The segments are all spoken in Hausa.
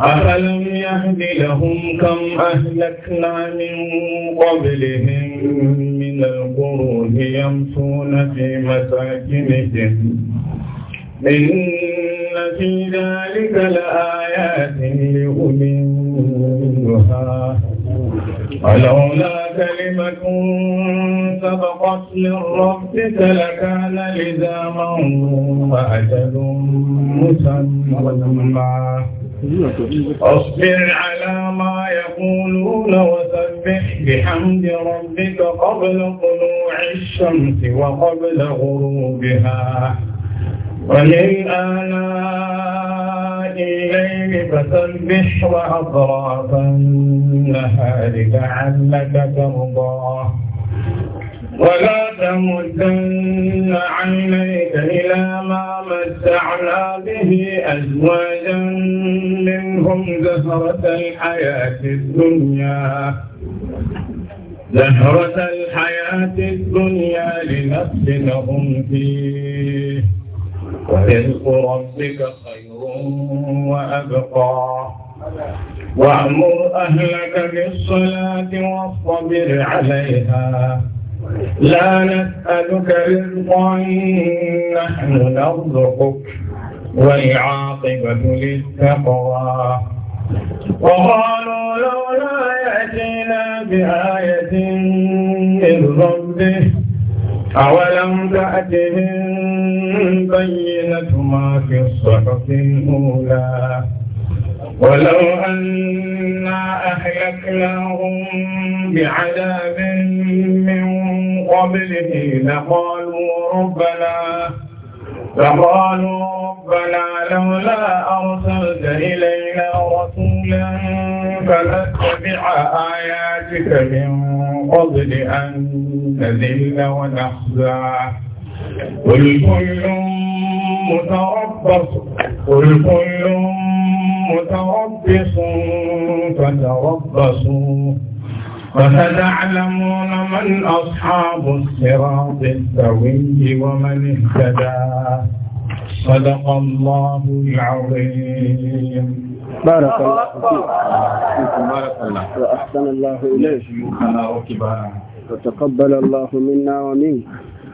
أفلم يهد لهم كم أهلكنا من قبلهم من القرون يمشون في مساكنهم إن في ذلك لآيات لأولي ولولا كلمة سبقت للربك لكان لزاما وأجل مسمى اصبر على ما يقولون وسبح بحمد ربك قبل طلوع الشمس وقبل غروبها ومن آلاء الليل فسبح وأطراف النهار لعلك ترضى ولا تمدن عينيك إلى ما متعنا به أزواجا منهم زهرة الحياة الدنيا زهرة الحياة الدنيا لنفسهم فيه ورزق ربك خير وأبقى وأمر أهلك بالصلاة واصطبر عليها لا نسألك رزقا نحن نرزقك والعاقبة للتقوى وقالوا لولا يأتينا بآية من ربه أولم تأتهم بينة ما في الصحف الأولى ولو أنا أهلكناهم بعذاب من قبله لقالوا ربنا لقالوا ربنا لولا أرسلت إلينا رسولا فنتبع آياتك من قبل أن نذل ونخزى قل كل متربص قل كل متربص فتربصوا فستعلمون من أصحاب الصراط السوي ومن اهتدى صدق الله العظيم بارك الله فيكم بارك الله وأحسن الله إليك وتقبل الله منا ومنك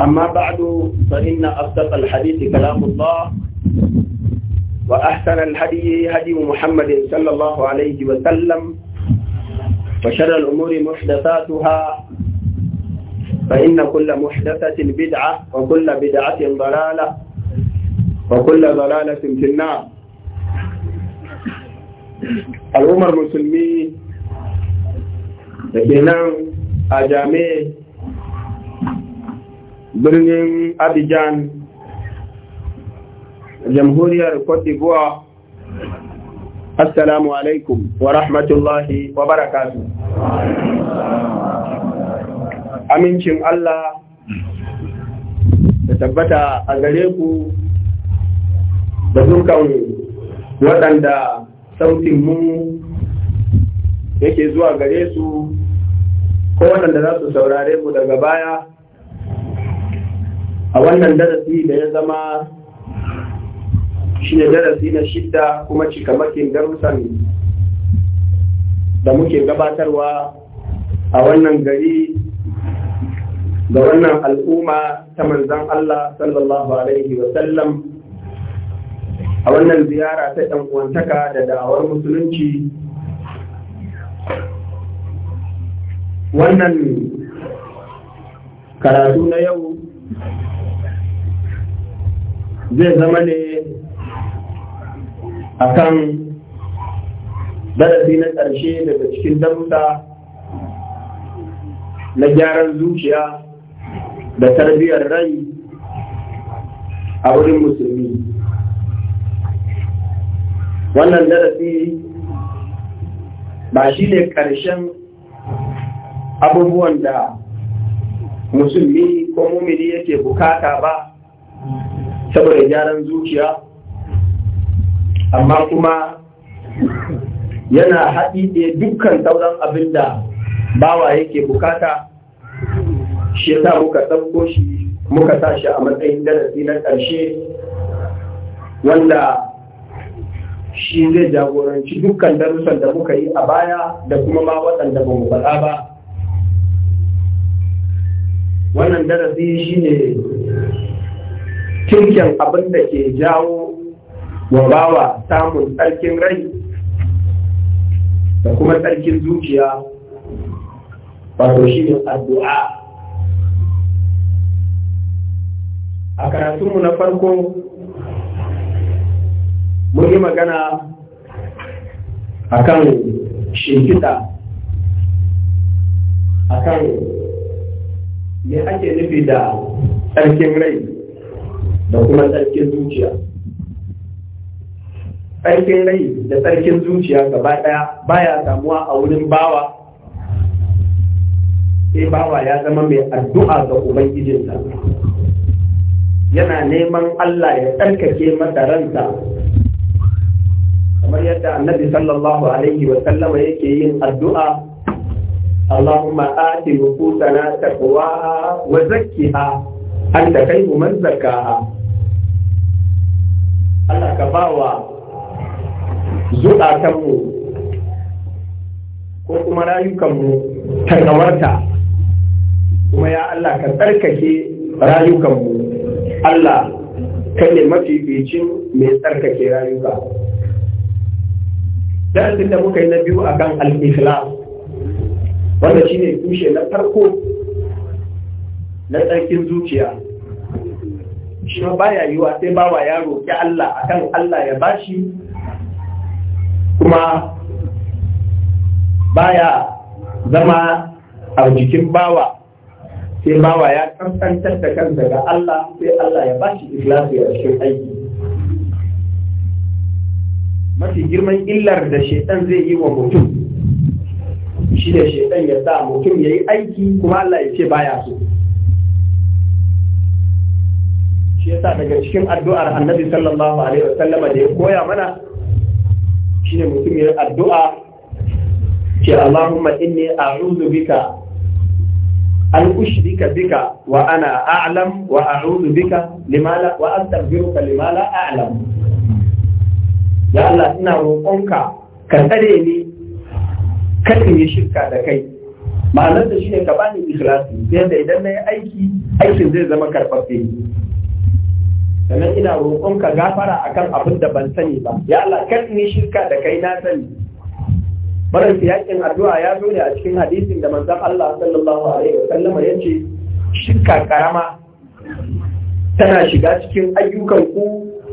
أما بعد فإن أصدق الحديث كلام الله وأحسن الهدي هدي محمد صلى الله عليه وسلم وشر الأمور محدثاتها فإن كل محدثة بدعة وكل بدعة ضلالة وكل ضلالة في النار الأمر المسلمين لكن أجاميه birnin abidjan jamhuriyar cote d'ivoire assalamu alaikum wa rahmatullahi wa barakatu amincin allah da tabbata a gare ku da dukkan waɗanda sautin mu yake zuwa gare su ko waɗanda za su saurare mu daga baya a wannan darasi da ya zama shi ne darasi na shidda kuma cikamakin darussan da muke gabatarwa a wannan gari ga wannan al'umma ta manzan Allah sallallahu Alaihi wasallam a wannan ziyara ta ɗan'uwantaka da da'awar musulunci wannan karatu na yau zai zama ne a kan darasi na ƙarshe daga cikin damta na gyaran zuciya da tarbiyyar rai a wurin musulmi wannan darasi ba shi ne ƙarshen abubuwan da musulmi ko mumini yake bukata ba saboda gyaran zuciya amma kuma yana haɗi ɗe dukkan sauran abin da bawa yake bukata shi yasa muka ɗauko shi muka sa a matsayin darasi na ƙarshe wanda shi zai jagoranci dukkan darussan da muka yi a baya da kuma ma waɗanda ba mu faɗa ba wannan darasi shi ne kirkin abin ke jawo wa bawa samun tsarkin rai da kuma tsarkin zuciya wato shi ne addu'a a karatunmu na farko mun yi magana a kan shekita a kan me ake nufi da tsarkin rai da kuma tsarkin zuciya tsarkin rai da tsarkin zuciya gaba ɗaya baya samuwa a wurin bawa sai bawa ya zama mai addu'a ga ubangijinsa yana neman Allah ya tsarkake masa ransa kamar yadda annabi sallallahu alaihi wa sallama yake yin addu'a اللهم آت نفوسنا تقواها وزكها أنت خير من زكاها Allah ka ba wa zuɗatanmu ko kuma rayukanmu takamarta kuma ya Allah ka tsarkake rayukanmu Allah kai ne mafificin mai tsarkake rayuka darasin da muka yi na biyu akan al-ikhlas wanda shi ne tushe na farko na tsarkin zuciya shi ma baya yiwa sai bawa ya roƙi Allah akan Allah ya bashi kuma baya zama a jikin bawa sai bawa ya kankantar da kansa ga Allah sai Allah ya bashi shi ikhlasi a cikin aiki mafi girman illar da shaitan zai yi wa mutum shi da shaitan ya sa mutum ya yi aiki kuma Allah ya ce baya so shi yasa daga cikin addu'ar annabi sallallahu alaihi wasallam da ya koya mana shine mutum ya addu'a ce Allahumma inni a'udhu bika an ushrika bika wa ana a'lam wa a'udhu bika limala wa astaghfiruka limala a'lam ya Allah ina roƙonka ka tsare ni kar in yi shirka da kai ma'anar da shi ne ka bani ikhlasi yadda idan na yi aiki aikin zai zama karɓaɓɓe sannan ina roƙon ka gafara akan abin da ban sani ba ya Allah kan ni shirka da kai na sani barin yakin addu'a ya zo ne a cikin hadisin da manzon Allah sallallahu alaihi Wasallama ya ce shirka karama tana shiga cikin ayyukan ku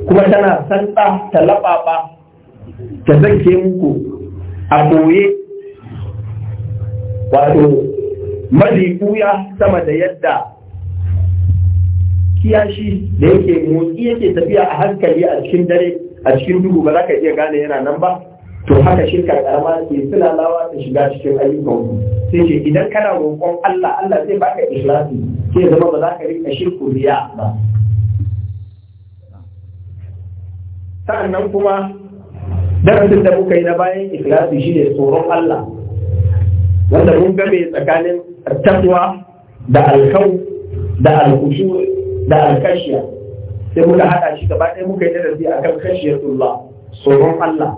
kuma tana santa ta lababa ta zake muku a koye wato mazi sama da yadda kiyashi da yake motsi yake tafiya a hankali a cikin dare a cikin duhu ba za ka iya gane yana nan ba to haka shirka karama ke lawa ta shiga cikin ayyukan ku sai ce idan kana roƙon Allah Allah zai baka ikhlasi sai zama ba za ka rika shirku riya ba sa'annan kuma darasin da muka yi na bayan ikhlasi shine tsoron Allah wanda mun game tsakanin taqwa da alkau da alkushu da alkashiya sai muka haɗa shi gaba ɗaya muka yi darasi a kan kashiyatullah tsoron Allah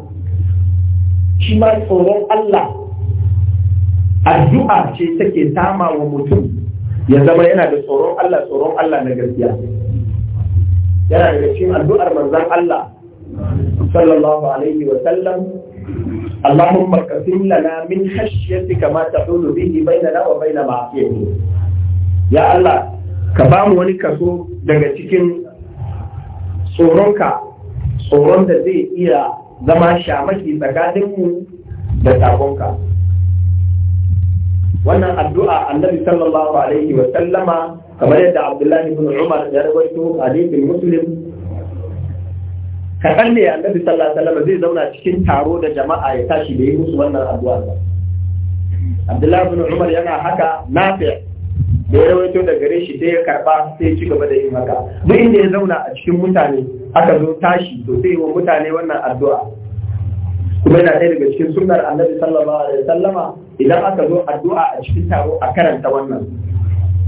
shi ma tsoron Allah addu'a ce take sama wa mutum ya zama yana da tsoron Allah tsoron Allah na gaskiya yana daga cikin addu'ar manzon Allah sallallahu alaihi wa sallam اللهم اقسم لنا من خشيتك ما تحول به بيننا وبين معصيتك يا الله ka ba mu wani kaso daga cikin tsoronka tsoron da zai iya zama shamaki tsakaninmu da sakonka wannan addu'a annabi sallallahu alaihi wa sallama kamar yadda abdullahi bin umar ya rawaito musulun. muslim kaɗan ne annabi sallallahu alaihi wa sallama zai zauna cikin taro da jama'a ya tashi da yi musu wannan addu'a abdullahi bin umar yana haka nafi da ya rawaito da gare shi sai ya karba sai ci gaba da yin haka duk inda ya zauna a cikin mutane aka zo tashi to sai wa mutane wannan addu'a kuma yana ɗaya daga cikin sunnar annabi sallallahu alaihi wasallama idan aka zo addu'a a cikin taro a karanta wannan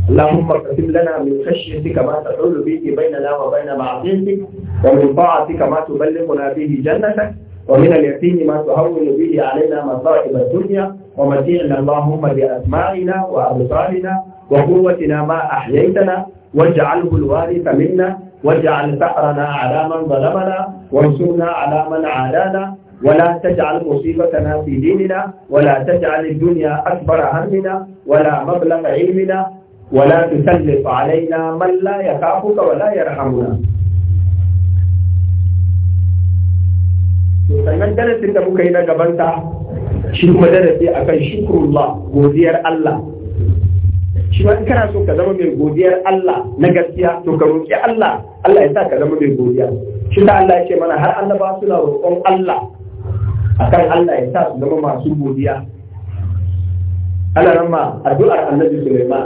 اللهم اقسم لنا من خشيتك ما تحول به بيننا وبين معصيتك ومن طاعتك ما تبلغنا به جنتك ومن اليقين ما تهون به علينا مصائب الدنيا ومتيعنا اللهم بأسماعنا وأبصارنا وقوتنا ما أحييتنا واجعله الوارث منا واجعل ثأرنا على من ظلمنا وانصرنا على من عادانا ولا تجعل مصيبتنا في ديننا ولا تجعل الدنيا أكبر همنا ولا مبلغ علمنا ولا تسلط علينا من لا يخافك ولا يرحمنا sannan darasin da muka yi na gabanta shi kuma darasi akan shukrullah godiyar Allah shi in kana so ka zama mai godiyar Allah na gaskiya to ka roƙi Allah Allah ya sa ka zama mai godiya shi ta Allah ya ce mana har annabawa suna roƙon Allah akan Allah ya sa su zama masu godiya ana nan ma addu'ar annabi Sulaiman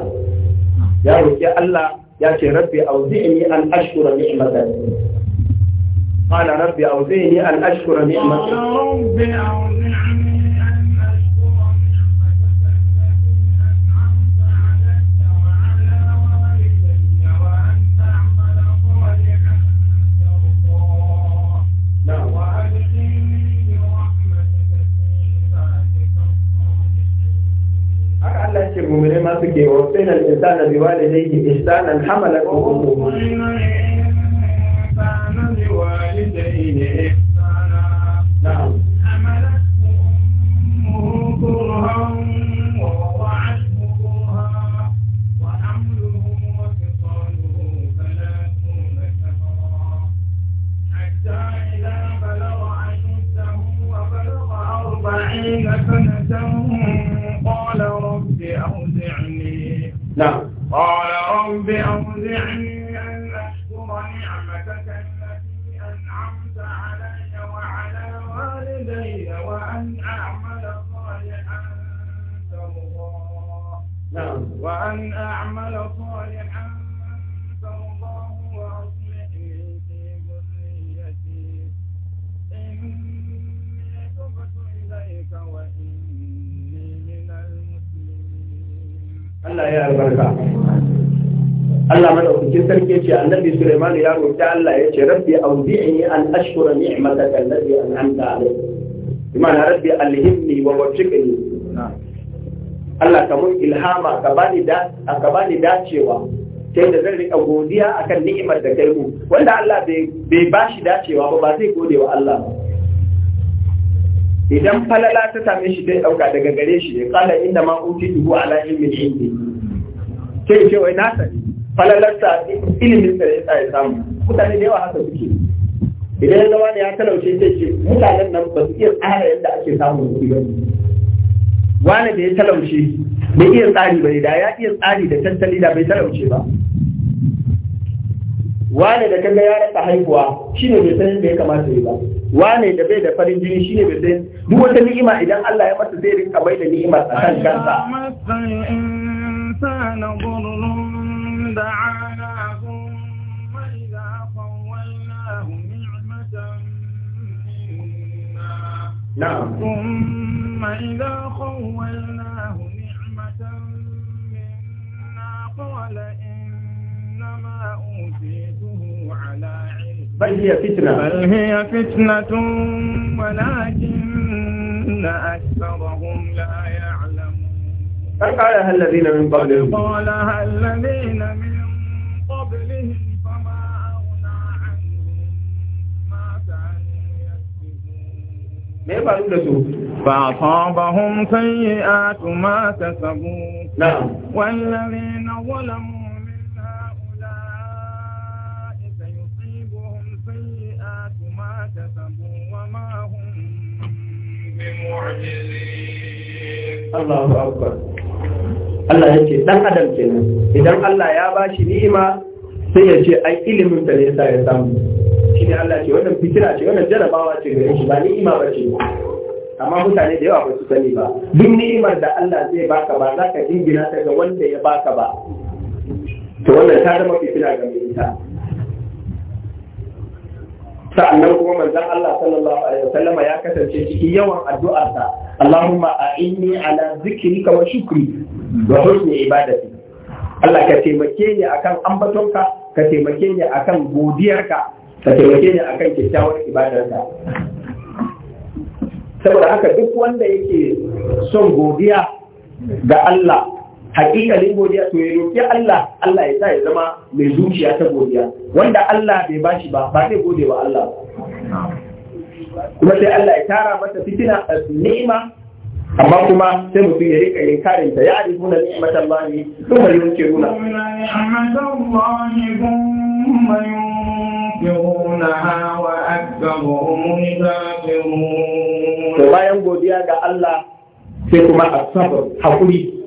ya roƙi Allah ya ce rabbi auzi'ni an ashkura ni'matak قال ربي أوزعني أن أشكر نعمتك Allah ce mumine ma suke wa sai na insana bi walidayhi ihsanan hamalat ummu na'am أربعين سنة قال رب أوزعني نعم قال رب أوزعني أن أشكر نعمتك التي أنعمت علي وعلى والدي وأن أعمل صالحا ترضى نعم وأن أعمل صالحا Allah ya albarka Allah madaukakin sarki yace annabi Sulaiman ya roki Allah ya ce rabbi awzi'ni an ashkura ni'mataka allati an'amta alayya bima'ana rabbi alhimni wa wajjikni Allah ka mun ilhama ka bani da ka bani dacewa ta yadda zan rika godiya akan ni'imar da kai mu wanda Allah bai bashi dacewa ba ba zai gode wa Allah ba idan falala ta same shi zai ɗauka daga gare shi ya kala inda ma uti dubu ala ilmin indi ke ce wai na sani sa ilimin sa ya ya samu mutane da yawa haka suke idan ya zama ne ya talauce sai ce mutanen nan ba su iya tsara yadda ake samun kuɗi ba wani da ya talauce bai iya tsari bai da ya iya tsari da tattali da bai talauce ba wani da kaga ya rasa haihuwa shine bai san yadda ya kamata ya yi ba wane da bai da farin jini shine bai sai duk wata ni'ima idan Allah ya masa zai rinka bai da ni'ima a kan kansa نعم ثم إذا خولناه نعمة منا قال إنما أوتيته على علم بل هي فتنة بل هي فتنة ولكن أكثرهم لا يعلمون قالها الذين من قبلهم قالها الذين من قبلهم فما أغنى عنهم ما كانوا يكسبون فأصابهم سيئات ما كسبوا نعم والذين ظلموا Allah ya ce ɗan adam idan Allah ya ba shi ni'ima sai ya ce ai ilimin da ne sa ya samu shi ne Allah ce wannan fitina ce wannan jarabawa ce gare shi ba ni'ima ba ce amma mutane da yawa ba su sani ba duk ni'imar da Allah zai baka ba za ka jingina ta ga wanda ya baka ba to wannan ta zama fitina ga mai ita sa'annan kuma manzon Allah sallallahu alaihi wasallam ya kasance cikin yawan addu'arsa Allahumma a'inni ala zikrika wa shukri wa husni ibadati Allah ka taimake ni akan ambatonka ka taimake ni akan godiyarka ka taimake ni akan kyakkyawar ibadarka saboda haka duk wanda yake son godiya ga Allah hakikalin godiya to ya roƙi Allah Allah ya sa ya zama mai zuciya ta godiya wanda Allah bai bashi ba ba zai gode wa Allah kuma sai Allah ya tara masa fitina ni'ima amma kuma sai mutum ya rika yin karin ta ya arifu na ni'imata Allah ne sun bari wanke nuna to bayan godiya ga Allah sai kuma a sabar hakuri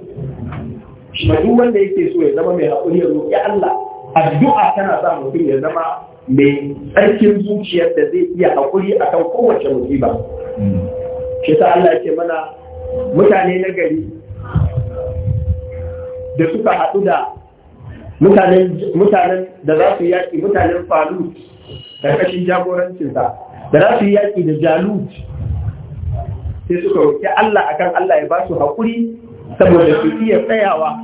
kuma duk wanda yake so ya zama mai haƙuri ya roƙi Allah addu'a tana sa mutum ya zama mai tsarkin zuciyar da zai iya haƙuri akan kowace musiba shi sa Allah ce mana mutane na gari da suka haɗu da mutanen da za su yaƙi mutanen falut ƙarƙashin jagorancinsa da za su yaƙi da jalut sai suka roƙi Allah akan Allah ya ba su haƙuri saboda su iya tsayawa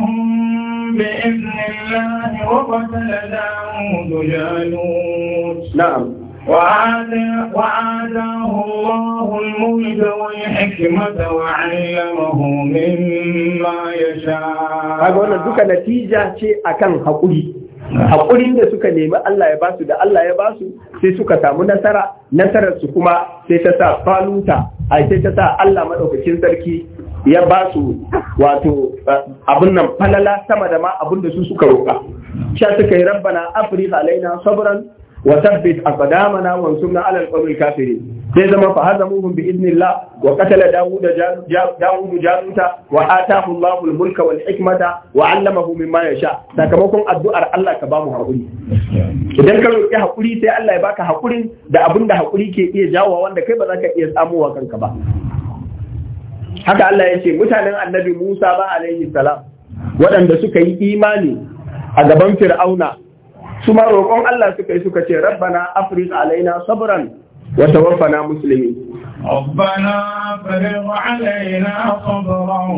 بإذن الله وقتل da الله الملك والحكمة وعلمه مما يشاء هذا duka natija ce akan haƙuri haƙurin da suka nemi Allah ya basu da Allah ya basu sai suka samu nasara nasarar su kuma sai ta sa faluta a sai ta sa Allah maɗaukacin sarki ya ba su wato eh, abin nan falala sama da ma abin da su suka roƙa sha suka yi rabbana afrika alaina sabran wa tabbit aqdamana wa ansurna ala al-qawmi sai zama fa hazamuhum bi idnillah wa qatala dawud dawud jaluta wa atahu Allahu al-mulka wal hikmata wa 'allamahu mimma yasha sakamakon addu'ar Allah ka bamu hakuri idan ka roƙi hakuri sai Allah ya baka hakurin da abin da hakuri ke iya jawo wanda kai ba za ka iya samuwa kanka ba haka Allah ya ce mutanen annabi Musa ba alaihi salam waɗanda suka yi imani a gaban fir'auna su ma roƙon Allah suka yi suka ce rabbana afrid alaina sabran wa tawaffana muslimin ربنا alaina sabran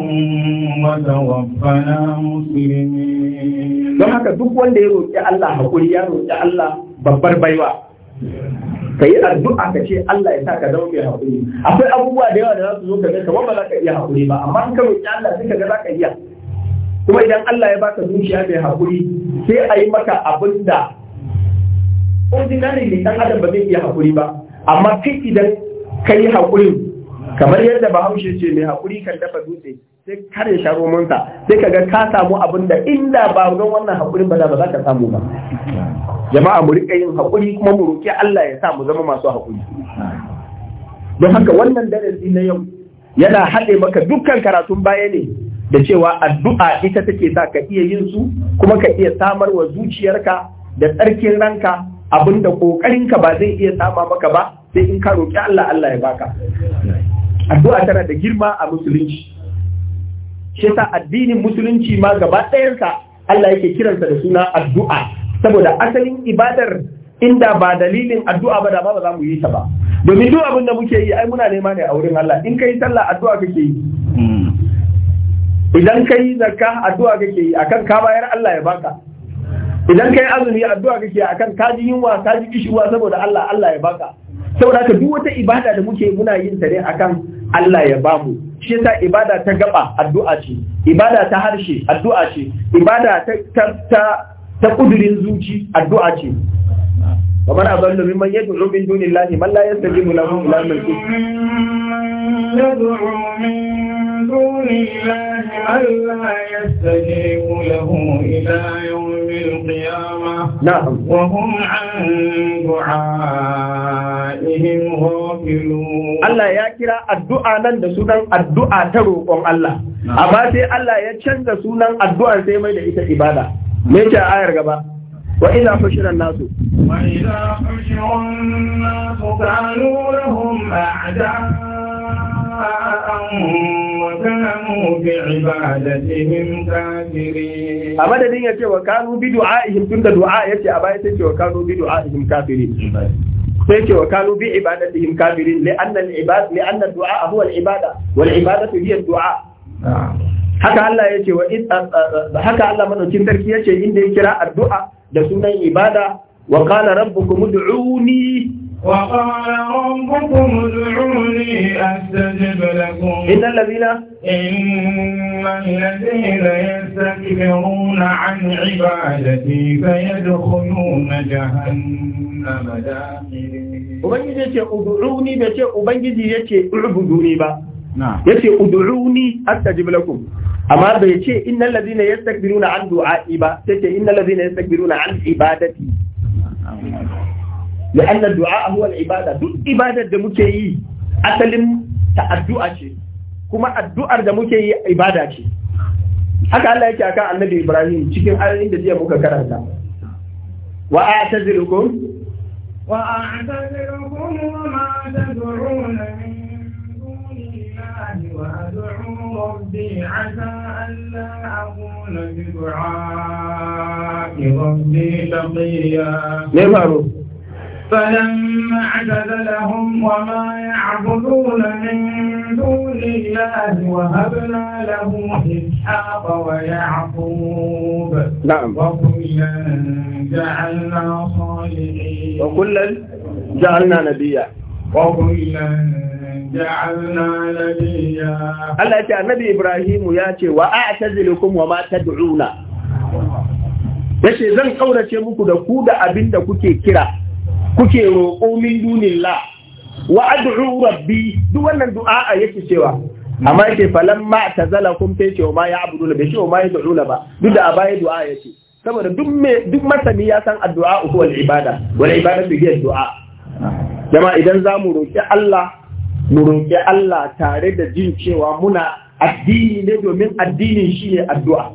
wa tawaffana مسلمين don haka duk wanda ya roƙi Allah hakuri ya roƙi Allah babbar baiwa ka yi addu'a ka ce Allah ya sa ka zama mai haƙuri akwai abubuwa da yawa da za su zo ka ga kamar ba za ka iya haƙuri ba amma ka roƙi Allah sai ka ga za ka iya kuma idan Allah ya baka zuciya mai haƙuri sai a yi maka abin da ordinary ne ɗan adam ba zai iya haƙuri ba amma kai idan ka yi haƙurin kamar yadda bahaushe ce mai haƙuri kan dafa dutse sai kare sha sai sai ga ka samu abin da inda ba ga wannan haƙurin ba za ka samu ba jama'a mu riƙa yin haƙuri kuma mu roƙi Allah ya sa mu zama masu haƙuri don haka wannan darasi na yau yana haɗe maka dukkan karatun baya ne da cewa addu'a ita take sa ka iya yin su kuma ka iya samar wa zuciyarka da tsarkin ranka abinda ƙoƙarinka ba zai iya sama maka ba sai in ka roƙi Allah Allah ya baka addu'a tana da girma a musulunci shi yasa addinin musulunci ma gaba ɗayansa Allah yake kiransa da suna addu'a saboda asalin ibadar inda ba dalilin addu'a ba da ba za mu yi ta ba domin duk abin da muke yi ai muna nema ne a wurin Allah in kai sallah addu'a kake yi idan kai zakka addu'a kake yi akan ka bayar Allah ya baka idan kai azumi addu'a kake yi akan ka ji yunwa ka ji kishuwa saboda Allah Allah ya baka saboda haka duk wata ibada da muke muna yin ta ne akan Allah ya bamu shi ta ibada ta gaba addu'a ce ibada ta harshe addu'a ce ibada ta ta ta kudurin zuci addu'a ce Mallamin a wani domin manyaicu robin duniya.Mallamin abu lahi. Allah ya tafi wulahu,Illa yawmin ƙiyama. Na hamsin. Allah ya kira addu'a nan da sunan "addu'a ta roƙon Allah" amma sai Allah ya canza sunan addu'a sai mai da ita ibada me cewa a yar gaba. وإذا حشر الناس وإذا حشر الناس كانوا لهم أعداء وكانوا بعبادتهم كافرين أبدا دين يتي وكانوا بدعائهم تند دعاء يتي أبا يتي وكانوا بدعائهم كافرين sai ce wa kanu bi ibadatihim kafirin li anna al-ibad li anna ad-du'a ibada wal dua haka Allah yace wa haka Allah madaukin sarki yace inda ya kira addu'a da sunan ibada wa qala rabbukum ud'uni wa qala rabbukum ud'uni astajib lakum innal ladina innal ladina yastakbiruna an ibadati sayadkhuluna jahannama dakhirin ubangiji yace ud'uni bace ubangiji yace ubuduni ba yace ud'uni astajib lakum amma bai ce innal ladina yastakbiruna an du'a'i ba sai ce innal ladina yastakbiruna an ibadati du'a huwa al ibada. duk ibadar da muke yi asalin addu'a ce kuma addu'ar da muke yi ibada ce haka Allah yake aka Annabi Ibrahim cikin ayoyin da jiya muka karanta wa a'tazilukum wa a'tazilukum wa ma tad'una min وأدعو ربي عسى ألا أكون بدعاء ربي شقيا ليه فلما لهم وما يعبدون من دون الله وهبنا له إسحاق ويعقوب نعم وكلا جعلنا صالحين وكلا جعلنا نبيا وكلا Allah ya ce annabi ibrahim ya ce wa a'tazilukum wa ma tad'una yace zan kaurace muku da ku da abinda kuke kira kuke roƙo min dunillah wa ad'u rabbi duk wannan du'a yake cewa amma yake falamma tazalakum ta ce ma ya abudu bai ce ma ya du'una ba duk da a baya du'a yake saboda duk me duk masani ya san addu'a ko wal ibada wal ibada bi du'a jama'a idan zamu roki Allah mu roƙi Allah tare da jin cewa muna addini ne domin addinin shi ne addu'a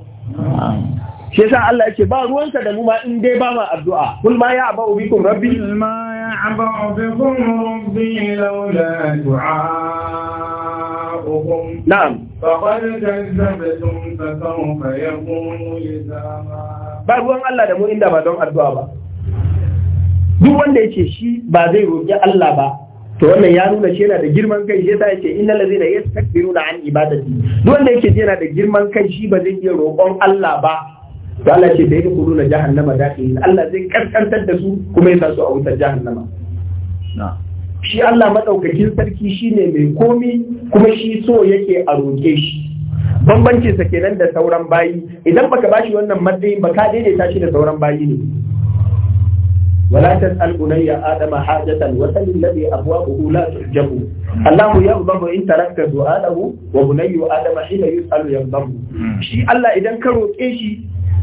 shi yasa Allah yake ba ruwansa da mu ma in dai ba ma addu'a kul ma ya aba kun rabbi kul ma ya aba ubikum rabbi laula du'a'ukum na'am faqad kazzabtum fa sawfa yi zama. ba ruwan Allah da mu inda ba don addu'a ba duk wanda yake shi ba zai roƙi Allah ba to wannan ya nuna shi yana da girman kai shi yasa yace innal ladzina yastakbiruna an ibadati duk wanda yake yana da girman kai shi ba zai iya roƙon Allah ba to Allah ce da yake kudu na jahannama dakhil Allah zai karkantar da su kuma ya su a wutar jahannama shi Allah madaukakin sarki shi ne mai komi kuma shi so yake a roƙe shi bambancin sa kenan da sauran bayi idan baka bashi wannan matsayin ba ka daidaita shi da sauran bayi ne ولا تسأل بني Adama حاجة وسل الذي أبوابه لا تحجب الله يغضب إن تركت سؤاله وبني آدم حين يسأل يغضب شيء الله إذا كروت إيش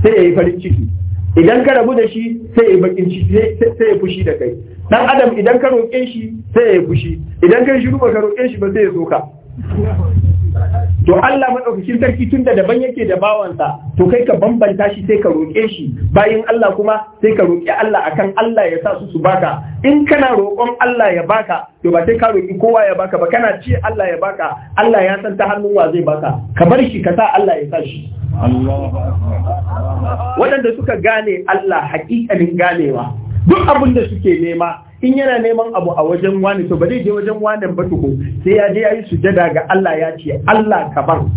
سيئي فلنشكي idan ka rabu da shi sai ya bakin sai ya fushi da kai dan adam idan ka roƙe shi sai ya fushi idan kai shiru ba ka roƙe shi ba sai ya soka to Allah maɗaukacin sarki tun da daban yake da bawansa to kai ka bambanta shi sai ka roƙe shi bayan Allah kuma sai ka roƙi Allah akan Allah ya sa su su baka in kana roƙon Allah ya baka to ba sai ka roƙi kowa ya baka ba kana ce Allah ya baka Allah ya san ta hannun wa zai baka ka bar shi ka sa Allah ya sa shi waɗanda suka gane Allah haƙiƙanin ganewa duk abin da suke nema in yana neman abu a wajen wani to ba zai je wajen wani ba tuko sai ya je ya yi sujada ga Allah ya ce Allah ka ban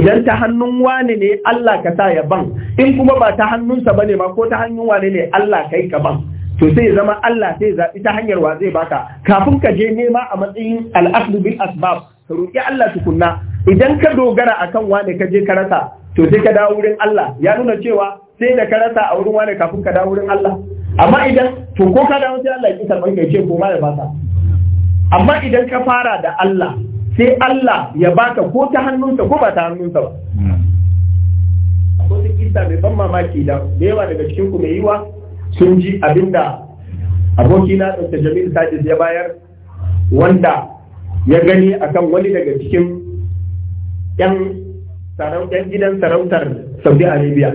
idan ta hannun wani ne Allah ka sa ya ban in kuma ba ta hannunsa ba ne ma ko ta hannun wani ne Allah ka yi ka ban to sai zama Allah sai zaɓi ta hanyar wa zai baka kafin ka je nema a matsayin al'aqdu bil asbab ka roƙi Allah tukunna idan ka dogara akan wane ka je karasa to sai ka dawo wurin Allah ya nuna cewa sai da karasa a wurin wane kafin ka dawo wurin Allah amma idan to ko ka da sai Allah ya kisa ba ya ce ko ma ya ba baka amma idan ka fara da Allah sai Allah ya baka ko ta hannunsa ko ba ta hannunsa ba wata kisa mai ban mamaki da yawa daga cikin ku mai yiwa sun ji abinda abokina Dr. Jamil Sadis ya bayar wanda ya gani akan wani daga cikin 'yan gidan sarautar Saudi Arabia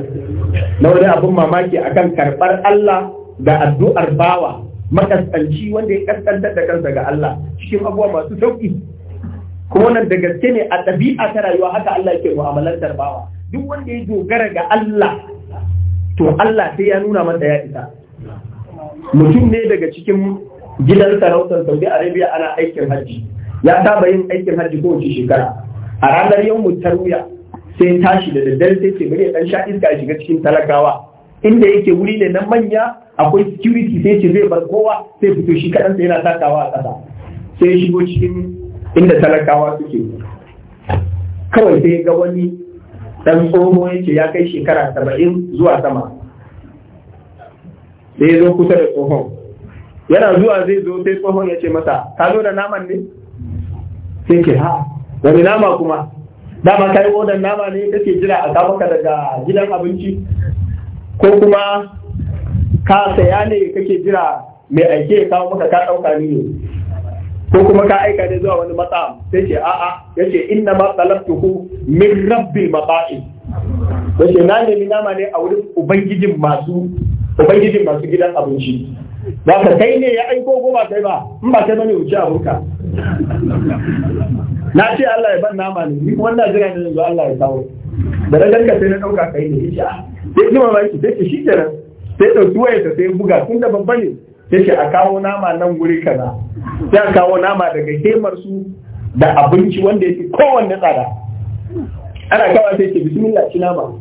na wani abin mamaki akan karɓar Allah da addu'ar bawa makasanci wanda ya kaskantar da kansa ga Allah cikin abuwa masu sauƙi kuma nan da gaske ne a ɗabi'a ta rayuwa haka Allah ke mu'amalantar bawa duk wanda ya dogara ga Allah to Allah sai ya nuna masa ya isa mutum ne daga cikin gidan sarautar Saudi Arabia ana aikin hajji ya saba yin aikin hajji wace shekara a ranar yau mu tarwiya sai tashi da daddare sai ce bari ya dan sha iska ya shiga cikin talakawa inda yake wuri ne na manya akwai security sai ce zai bar kowa sai fito shi kadan sai yana takawa a ƙasa sai shigo cikin inda talakawa suke kawai sai ga wani dan tsoho ce ya kai shekara saba'in zuwa sama sai ya zo kusa da tsohon yana zuwa zai zo sai tsohon ya ce masa ka zo da naman ne sai ke ha wani nama kuma dama kai odan nama ne kake jira a kawo daga gidan abinci ko kuma ka saya ne kake jira mai aike ya kawo maka ka ɗauka ni ne ko kuma ka aika ne zuwa wani matsa sai ce a'a ce inna ma talabtuhu min rabbil mata'i ce na nemi nama ne a wurin ubangijin masu ubangijin masu gidan abinci ba ka kai ne ya aiko ko ba kai ba in ba kai bane wuce abunka na ce Allah ya ban nama ne ni kuma ina jira ne zuwa Allah ya kawo da na sai na ɗauka kai ne ya ce a? ji mamaki sai ce shi kenan sai ɗauki wayarsa sai buga tun da babba ne ya a kawo nama nan guri kaza sai a kawo nama daga kemar su da abinci wanda ya kowanne tsada ana kawo sai ke bismillah ci nama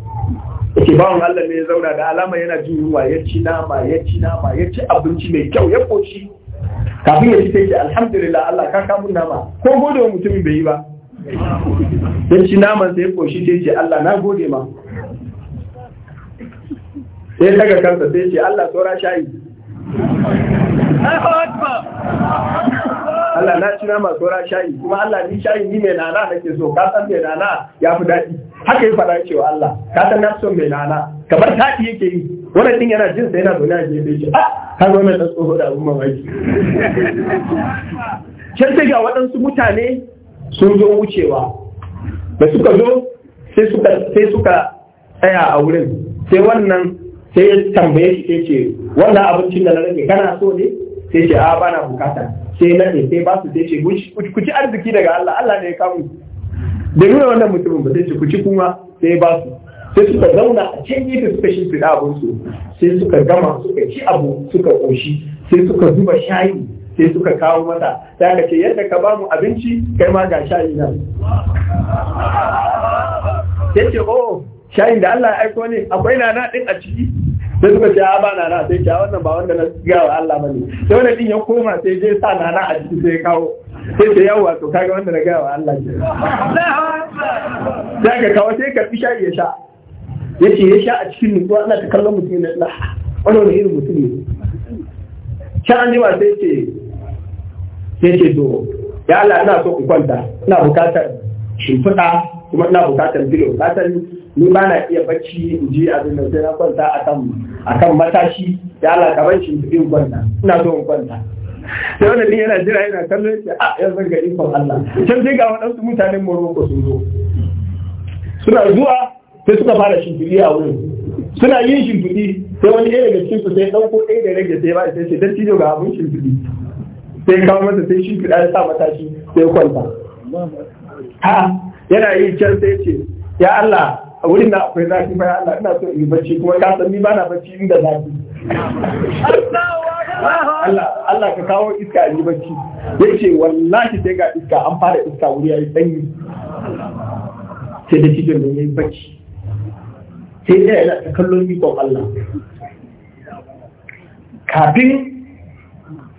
yake bawan Allah ne ya zauna da alama yana jin yunwa ya ci nama ya ci nama ya ci abinci mai kyau ya koshi kafin ya ci sai ke alhamdulillah Allah ka kamun nama ko gode mutumin bai yi ba sai ci naman sai koshi sai ce Allah na gode ma sai daga kansa sai ce Allah saura shayi Allah na ci nama saura shayi kuma Allah ni shayi ni mai nana ke so Kasan mai nana ya fi daɗi haka yi faɗa cewa Allah kasan na son mai nana kamar taɗi yake yi wannan ɗin yana jinsa yana zaune a gefe shi ah ka zo mai ɗan tsoho da abin mamaki can sai ga waɗansu mutane sun zo wucewa da suka zo sai suka sai suka tsaya a wurin sai wannan sai ya tambaye shi sai ce wannan abincin da na rage kana so ne sai ce a bana bukata sai na ne sai ba su sai ce ku ci arziki daga Allah Allah ne ya kamu da nuna wannan mutumin ba sai ce ku ci kuma sai ba su sai suka zauna a can gefe suka shimfiɗa abinsu sai suka gama suka ci abu suka ƙoshi sai suka zuba shayi sai suka kawo mata sai aka ce yadda ka bamu abinci kai ma ga shayi nan sai ce oh shayin da Allah ya aiko ne akwai nana din a ciki sai suka ce ba nana sai ce wannan ba wanda na ga wa Allah bane sai wannan din ya koma sai je sa nana a ciki sai kawo sai ce yawa to kaga wanda na ga wa Allah ne sai ka kawo sai ka shayi ya sha yace ya sha a cikin nutsuwa ana ta kallon mutum na wani wani irin mutum ne sha an jima sai ce sai ce to ya Allah ina so in kwanta ina bukatar shimfiɗa kuma ina bukatar bilo bukatar ni ba na iya bacci in ji abin da sai na kwanta a kan matashi ya Allah ka ban in kwanta ina so in kwanta sai wannan yana jira yana kallon shi a ah, zan ga ikon Allah can sai ga waɗansu mutanen Morocco sun zo suna zuwa sai suka fara shimfiɗi a wurin suna yin shimfiɗi sai wani ɗaya daga cikin su sai ɗauko ɗaya da rage sai ba sai sai dan cijo ga abin shimfiɗi sai kawo masa sai shi fiɗa ya sa matashi sai kwanta Ha! yana yi can sai ce ya Allah a wurin na akwai zafi fa ya Allah ina so in bacci kuma ka san ni ba na bacci inda zafi Allah Allah ka kawo iska a yi bacci ce, wallahi sai ga iska an fara iska wuri ya yi sanyi sai da cikin da yi bacci sai ɗaya yana kallon ikon Allah kafin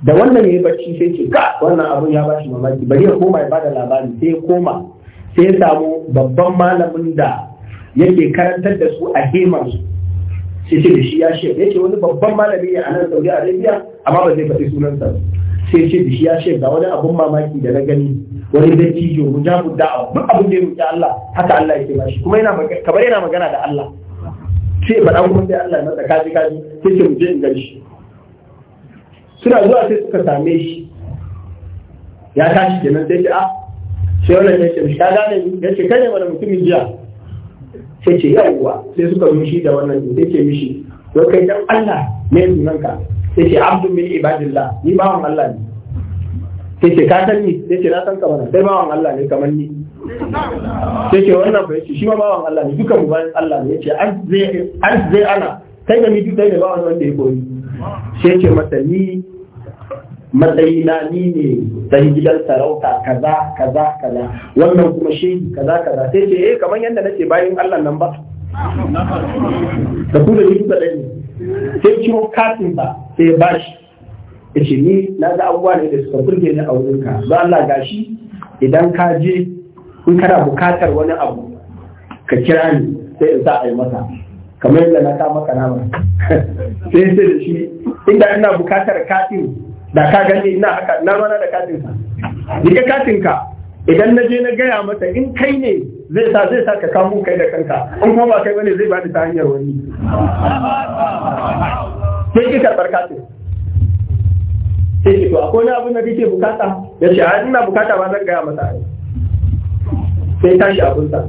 da wannan ya yi bacci sai ce ka wannan abun ya bashi mamaki bari ya koma ya bada labari sai ya koma sai ya samu babban malamin da yake karantar da su a hemar su sai ce da shi ya shef ya ce wani babban malami ne a nan saudi arabia amma ba zai faɗi sunansa sai ce da shi ya shef ga wani abun mamaki da na gani wani dattijo mu da'awa duk abin da ya roƙi Allah haka Allah yake bashi kuma yana kamar yana magana da Allah sai faɗa kuma sai Allah ya masa kaji kaji sai ce mu je in gani shi suna zuwa sai suka same shi ya tashi kenan sai ce a ah, sai wannan ya ce ta gane ni ya ce kai ne wani mutumin jiya sai ce yawwa sai suka mishi da wannan sai ce mishi ya kai dan Allah ne sunanka sai ce abdu min ibadillah ni bawan Allah ne sai ce ka san ni sai ce na san ka mana sai bawan Allah ne kamar ni sai ce wannan fa yace shi ma bawan Allah ne duka mu bayan Allah ne yace an zai an zai ana kai da ni duk dai bawan wanda ya koyi sai ce masa ni na ni ne dan gidan sarauta kaza kaza kaza wannan kuma shi kaza kaza sai ce eh kamar yadda nake bayan Allah nan ba da ku da duka ɗaya ne sai ciro katin ba sai ba shi ya ce ni na ga abubuwa ne da suka burge ni a wurinka don Allah gashi idan ka je in kana bukatar wani abu ka kira ni sai in sa a yi masa kamar yadda na kama maka nama sai sai da shi inda ina bukatar katin da ka gani ina haka na rana da katin ka dika katin ka idan na je na gaya mata in kai ne zai sa zai sa ka kamo kai da kanka in kuma ba kai bane zai ba ta hanyar wani sai ki karɓar katin sai ki to akwai wani abin da kike bukata ya ce ina bukata ba zan gaya mata sai tashi abunsa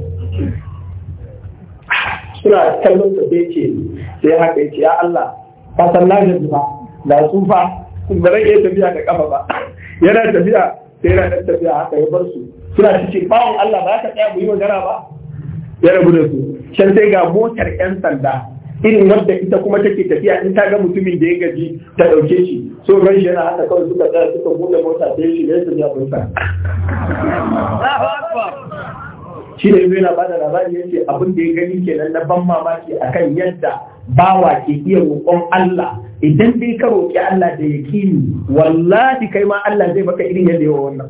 suna kallon da sai ce sai haka ya ce ya Allah ba san na gaji ba da tsufa ba zan iya tafiya da kafa ba yana tafiya sai yana da tafiya haka ya bar su suna ce bawon Allah ba ka tsaya mu yi magana ba ya rabu da su can sai ga motar yan sanda irin wadda ita kuma take tafiya in ta ga mutumin da ya gaji ta ɗauke shi so ran shi yana haka kawai suka tsaya suka buɗe mota sai shi ne su ya bunsa shi da yana ba da labari ya ce abin da ya gani kenan na ban mamaki akan yadda bawa ke iya roƙon Allah idan dai ka roƙi Allah da ya yaƙini wallahi kai ma Allah zai baka irin yadda yawa wannan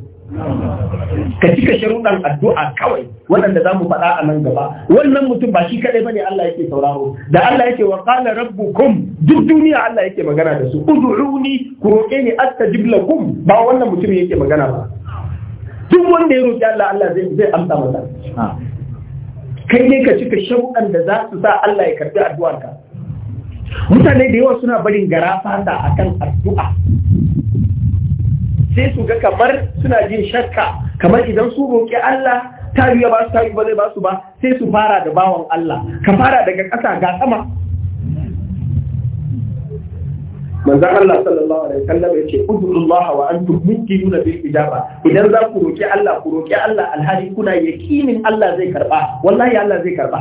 ka cika sharuɗan addu'a kawai waɗanda za mu faɗa a nan gaba wannan mutum ba shi kaɗai bane Allah yake sauraro da Allah yake wa qala kum duk duniya Allah yake magana da su ud'uni ku roƙe ni astajib kum, ba wannan mutum yake magana ba duk wanda ya roƙi Allah Allah zai amsa masa kai ne ka cika sharuɗan da za su sa Allah ya karbi addu'arka mutane da yawa suna barin gara fata akan addu'a sai su ga kamar suna jin shakka kamar idan su roƙi Allah ta biya ba su ta ba zai ba su ba sai su fara da bawan Allah ka fara daga ƙasa ga sama manzo Allah sallallahu alaihi wasallam yace Allah wa antum muqinuna bil ijaba idan za ku roki Allah ku roki Allah alhali kuna yakinin Allah zai karba wallahi Allah zai karba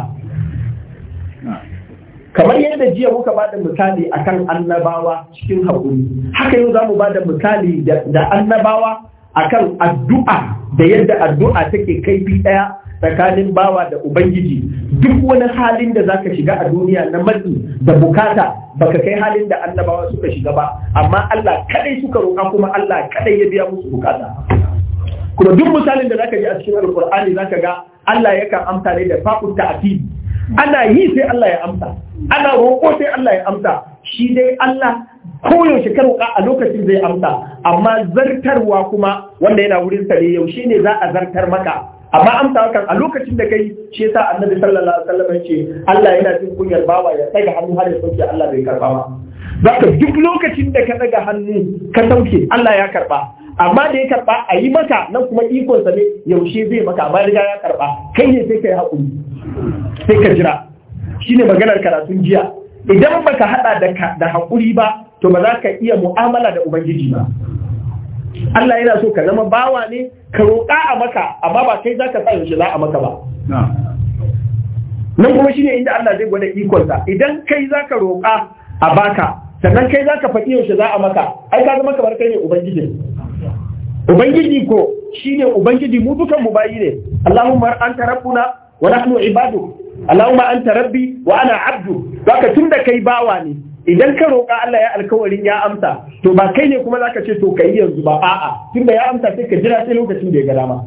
kamar yadda jiya muka bada misali akan annabawa cikin hakuri, haka yau zamu bada misali da annabawa akan addu'a da yadda addu'a take kaifi daya. tsakanin bawa da ubangiji duk wani halin da zaka shiga a duniya na matsi da bukata baka kai halin da annabawa suka shiga ba amma Allah kadai suka roƙa kuma Allah kadai ya biya musu bukata kuma duk misalin da zaka ji a cikin alkur'ani zaka ga Allah yakan amsa ne da faqut ta'tib ana yi sai Allah ya amsa ana roƙo sai Allah ya amsa shi dai Allah koyaushe ka roƙa a lokacin zai amsa amma zartarwa kuma wanda yana wurin sare, yaushe ne za a zartar maka amma amsa hakan a lokacin da kai shi yasa annabi sallallahu alaihi wasallam yace Allah yana jin kunyar bawa ya tsaga hannu har ya sauke Allah bai karba ba zaka duk lokacin da ka tsaga hannu ka sauke Allah ya karba amma da ya karba a yi maka nan kuma ikon sa ne yaushe zai maka amma riga ya karba kai ne sai kai hakuri sai ka jira shine maganar karatun jiya idan baka hada da da hakuri ba to ba za ka iya mu'amala da ubangiji ba Allah yana so ka zama bawa ne ka roƙa a maka amma ba kai zaka sa yaushe za a maka ba nan kuma shi ne inda Allah zai gwada ikonsa idan kai za ka roƙa a baka sannan kai zaka faɗi yaushe za a maka ai ka zama kamar kai ne ubangiji ubangiji ko shine ubangiji mu dukan mu bayi ne Allahumma anta rabbuna wa nahnu ibadu Allahumma anta rabbi wa ana abdu zaka tunda kai bawa ne idan ka roƙa Allah ya alkawarin ya amsa to ba kai ne kuma zaka ce to kai yanzu ba a'a tun da ya amsa sai ka jira sai lokacin da ya ga dama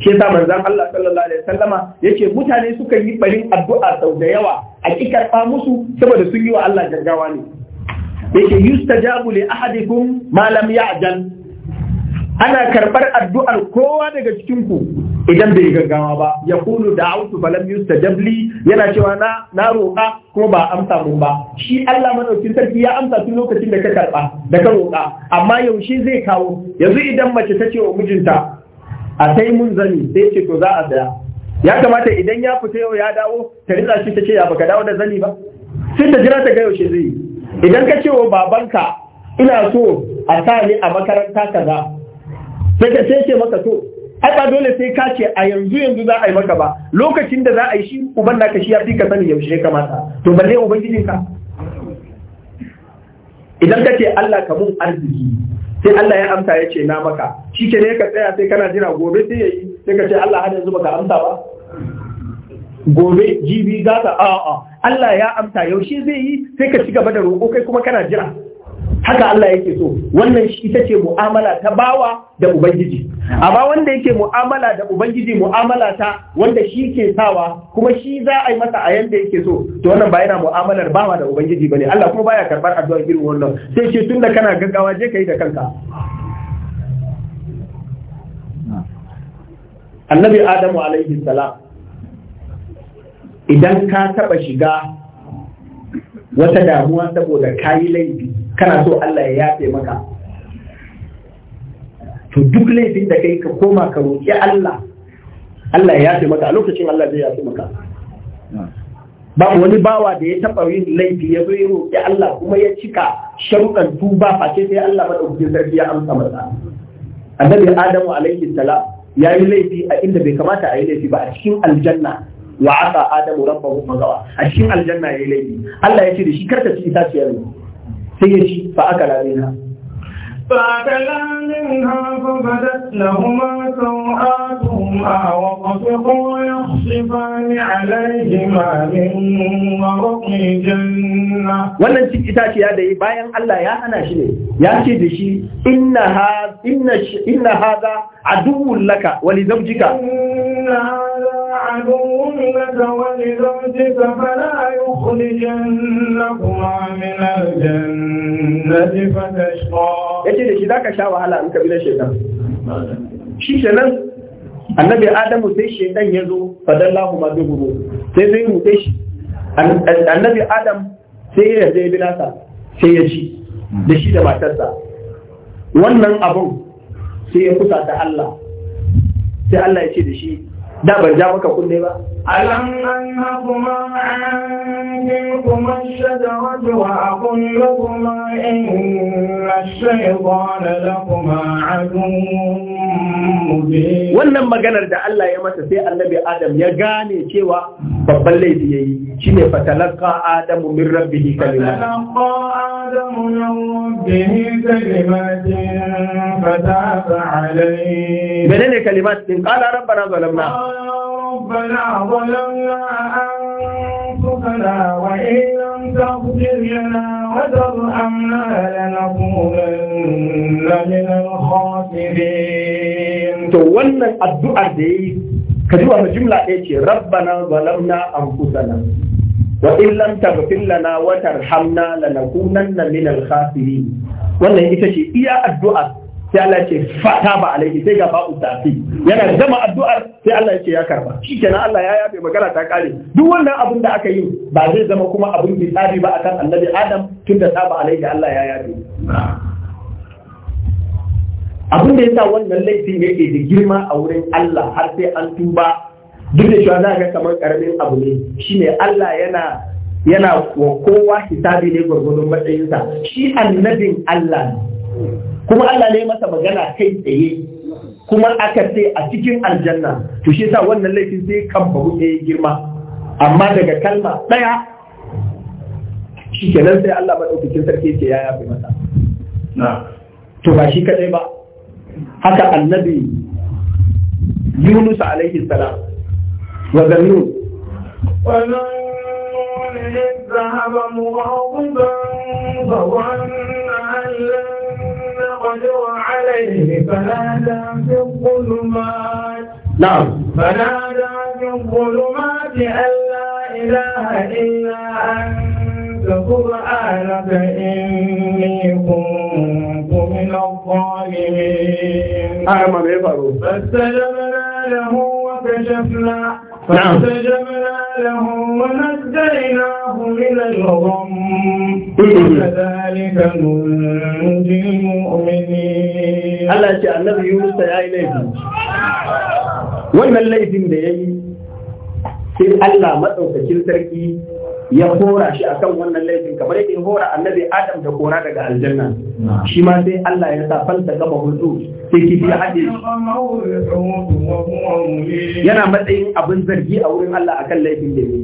ke yasa manzon Allah sallallahu alaihi wasallama yace mutane suka yi barin addu'a sau da yawa a ki musu saboda sun yi wa Allah gaggawa ne yake yustajabu li ahadikum ma lam ya'jal ana karɓar addu'ar kowa daga cikin ku idan bai gaggawa ba ya kunu da autu falam yusta jabli yana cewa na na roƙa kuma ba amsa mun ba shi Allah madaukin sarki ya amsa tun lokacin da ka karɓa da ka roƙa amma yaushe zai kawo yanzu idan mace ta ce wa mijinta a sai mun zani sai ce to za a saya ya kamata idan ya fita yau ya dawo ta ritsa shi ta ce ya baka dawo da zani ba sai ta jira ta ga yaushe zai idan ka ce wa babanka ina so a sa ni a makaranta kaza sai sai ce maka to ai ba dole sai ka ce a yanzu yanzu za a yi maka ba lokacin da za a yi shi uban naka shi ya fi ka sani yaushe ka kamata to balle ubangijin ka idan ka ce Allah ka mun arziki sai Allah ya amsa ya ce na maka shi ke ne ka tsaya sai kana jira gobe sai ya yi sai ka ce Allah har yanzu baka amsa ba gobe jibi gata a'a Allah ya amsa yaushe zai yi sai ka ci gaba da roƙo kai kuma kana jira haka Allah yake so wannan shi ita ce mu'amala ta bawa da ubangiji amma wanda yake mu'amala da ubangiji mu'amala ta wanda shi ke sawa kuma shi za a yi masa a yanda yake so to wannan ba yana mu'amalar bawa da ubangiji bane Allah kuma baya karbar addu'a irin wannan sai ce tunda kana gaggawa je kai da kanka annabi adamu alaihi salam idan ka taba shiga wata damuwa saboda kayi laifi kana so Allah ya yafe maka to duk laifin da kai ka koma ka roƙi Allah Allah ya yafe maka a lokacin Allah zai yafe maka Ba wani bawa da ya taɓa yin laifi ya zo ya roƙi Allah kuma ya cika sharuɗan tuba face sai Allah madaukakin sarki ya amsa masa annabi Adamu alaihi salam ya yi laifi a inda bai kamata a yi laifi ba a cikin aljanna wa aka Adamu rabbahu magawa a cikin aljanna ya yi laifi Allah ya ce da shi karka ci itaciyar ne sai ya ci fa aka lalina فأكلا منها فبدت wannan cin itaciya da yi bayan Allah ya hana shi ne ya ce da shi inna haza aduwwun laka wani li عدو لك ولزوجك فلا يخرجنكما من الجنة فتشقى yace da shi zaka sha wahala in kabilar shaitan shi kenan annabi adamu sai shaitan ya zo fadallahu ma bi guru sai zai rute shi annabi adam sai ya zai bi nasa sai ya ci da shi da matarsa wannan abun sai ya kusa da Allah sai Allah ya ce da shi da ban ja maka kunne ba ألم أنهكما عن الشجرة وأقل لكما إن الشيطان لكما عدو wannan maganar da Allah ya mata sai annabi Adam ya gane cewa babban laifi yayi shine fatalaka Adamu min rabbihi kalimat fatalaka Adamu min rabbihi kalimatin fataba alayhi menene kalimat din qala rabbana zalamna ظلمنا أنفسنا وإن لم تغفر لنا وترحمنا لنكونن من الخاسرين تولنا الدعاء دي كذبوا هذا الجملة إيتي ربنا ظلمنا أنفسنا وإن لم تغفر لنا وترحمنا لنكونن من الخاسرين والله إيتي إيا الدعاء sai Allah ce fata ba alaihi sai ga ba'u tafi yana zama addu'ar sai Allah ya ce ya karba shikenan Allah ya yabe magana ta kare duk wannan abin da aka yi ba zai zama kuma abin bisabi ba akan annabi Adam tunda saba alaihi Allah ya yafe. abin da yasa wannan laifin yake da girma a wurin Allah har sai an tuba duk da cewa za ga kamar karamin abu ne shine Allah yana yana wa kowa hisabi ne gwargwadon matsayinsa shi annabin Allah ne kuma Allah ne masa magana kai tsaye kuma aka ce a cikin aljanna to shi yasa wannan laifin sai kan babu ɗaya girma amma daga kalma ɗaya shi nan sai Allah maɗaukakin sarki ce ya yafe masa to ba shi kaɗai ba haka annabi Yunus alaihi salam wa wa zannu ذهب مغاضبا فظن أن لن قدر عليه فنادى في الظلمات نعم فنادى في الظلمات أن لا إله إلا أنت سبحانك إني كنت من الظالمين أعمل إيه فاستجبنا له وكشفنا فاستجبنا له ونجيناه من الغم كذلك ننجي المؤمنين Allah ce annabi Yunus ya yi laifi wannan laifin da ya yi sai Allah maɗaukakin sarki ya hora shi akan wannan laifin kamar yadda ya hora annabi Adam da kora daga aljanna shi ma sai Allah ya sa falta gaba hudu sai yana matsayin abin zargi a wurin Allah akan laifin da ya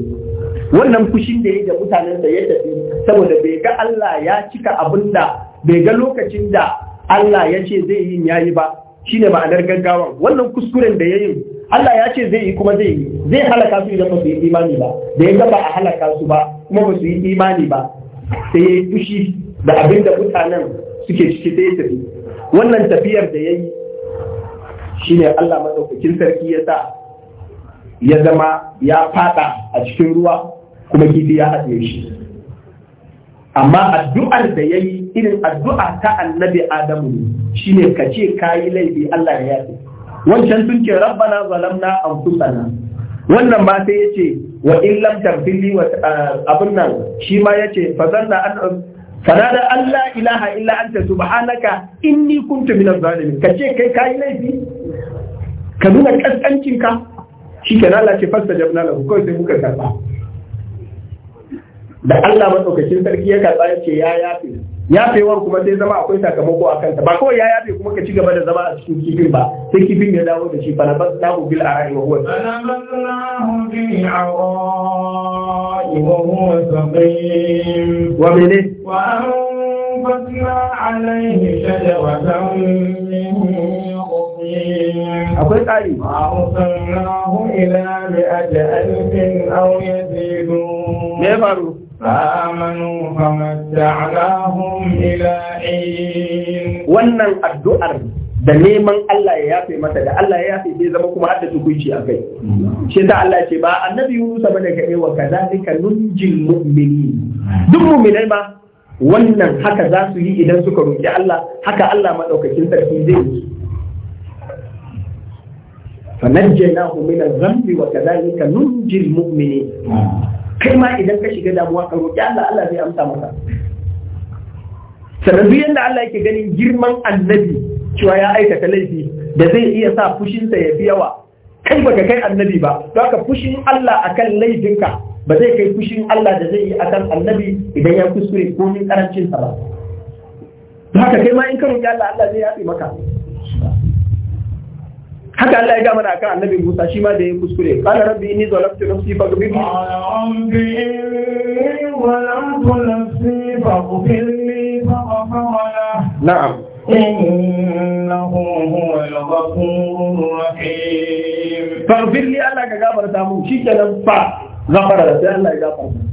wannan kushin da ya da mutanen da ya tafi saboda bai ga Allah ya cika abin da bai ga lokacin da Allah ya ce zai yi ya yi ba shine ma'anar gaggawa wannan kuskuren da ya yi Allah ya ce zai yi kuma zai yi zai halaka su idan ba su yi imani ba da ya ba a halaka su ba kuma ba su yi imani ba sai ya yi fushi da abin da mutanen suke ciki sai ya tafi wannan tafiyar da ya yi shi ne Allah maɗaukakin sarki ya sa ya zama ya fada a cikin ruwa kuma kifi ya haɗe shi amma addu'ar da ya yi irin addu'a ta annabi adamu shi ne ka ce ka yi laifi Allah ya yi wancan sun ce rabbana zalamna kusana wannan ma sai ya ce wa in lam tarfili wa abin nan shi ma ya ce fa zanna an fanada Allah ilaha illa anta subhanaka inni kuntu minaz zalimin kace kai kai laifi ka nuna kaskancin ka shikenan Allah ce fasta jabna lahu kawai sai muka karba da Allah madaukakin sarki ya karba ya ce ya yafi ya fewar kuma sai zama akwai sakamako a kanta ba kawai ya yafe kuma ka ci gaba da zama a cikin kifin ba sai kifin ya dawo da shi fa nabas nahu bil ara'i wa huwa fanabasnahu bil ara'i wa huwa saqim wa mene wa anbatna alayhi shajaratan min akwai tsari ma arsalnahu ila mi'ati alfin aw yazidun me faru فآمنوا فمتعناهم إلى حين wannan addu'ar da neman Allah ya yafe mata da Allah ya yafe zai zama kuma hadda tukunci a kai shi da Allah ce ba annabi Yunus ba da kai wa kadhalika nunjil mu'minin duk mu'minai ba wannan haka za su yi idan suka roƙi Allah haka Allah madaukakin sarki zai yi al من wa وكذلك nunjil المؤمنين kai ma idan ka shiga damuwa ka roƙi Allah Allah zai amsa maka sannan duk yadda Allah yake ganin girman annabi cewa ya aikata laifi da zai iya sa fushinsa ya fi yawa kai baka kai annabi ba don haka fushin Allah akan laifinka ba zai kai fushin Allah da zai yi akan annabi idan ya kuskure komin karancin ba don haka kai ma in ka roƙi Allah Allah zai yafi maka haka Allah ya gama da annabi Musa shi ma da ya kuskure qala rabbi inni zalamtu nafsi faghfir li rabbi inni zalamtu nafsi faghfir li faghfara na'am innahu huwal ghafurur rahim faghfir li Allah ka gafarta mu shi fa gafara da sai Allah ya gafarta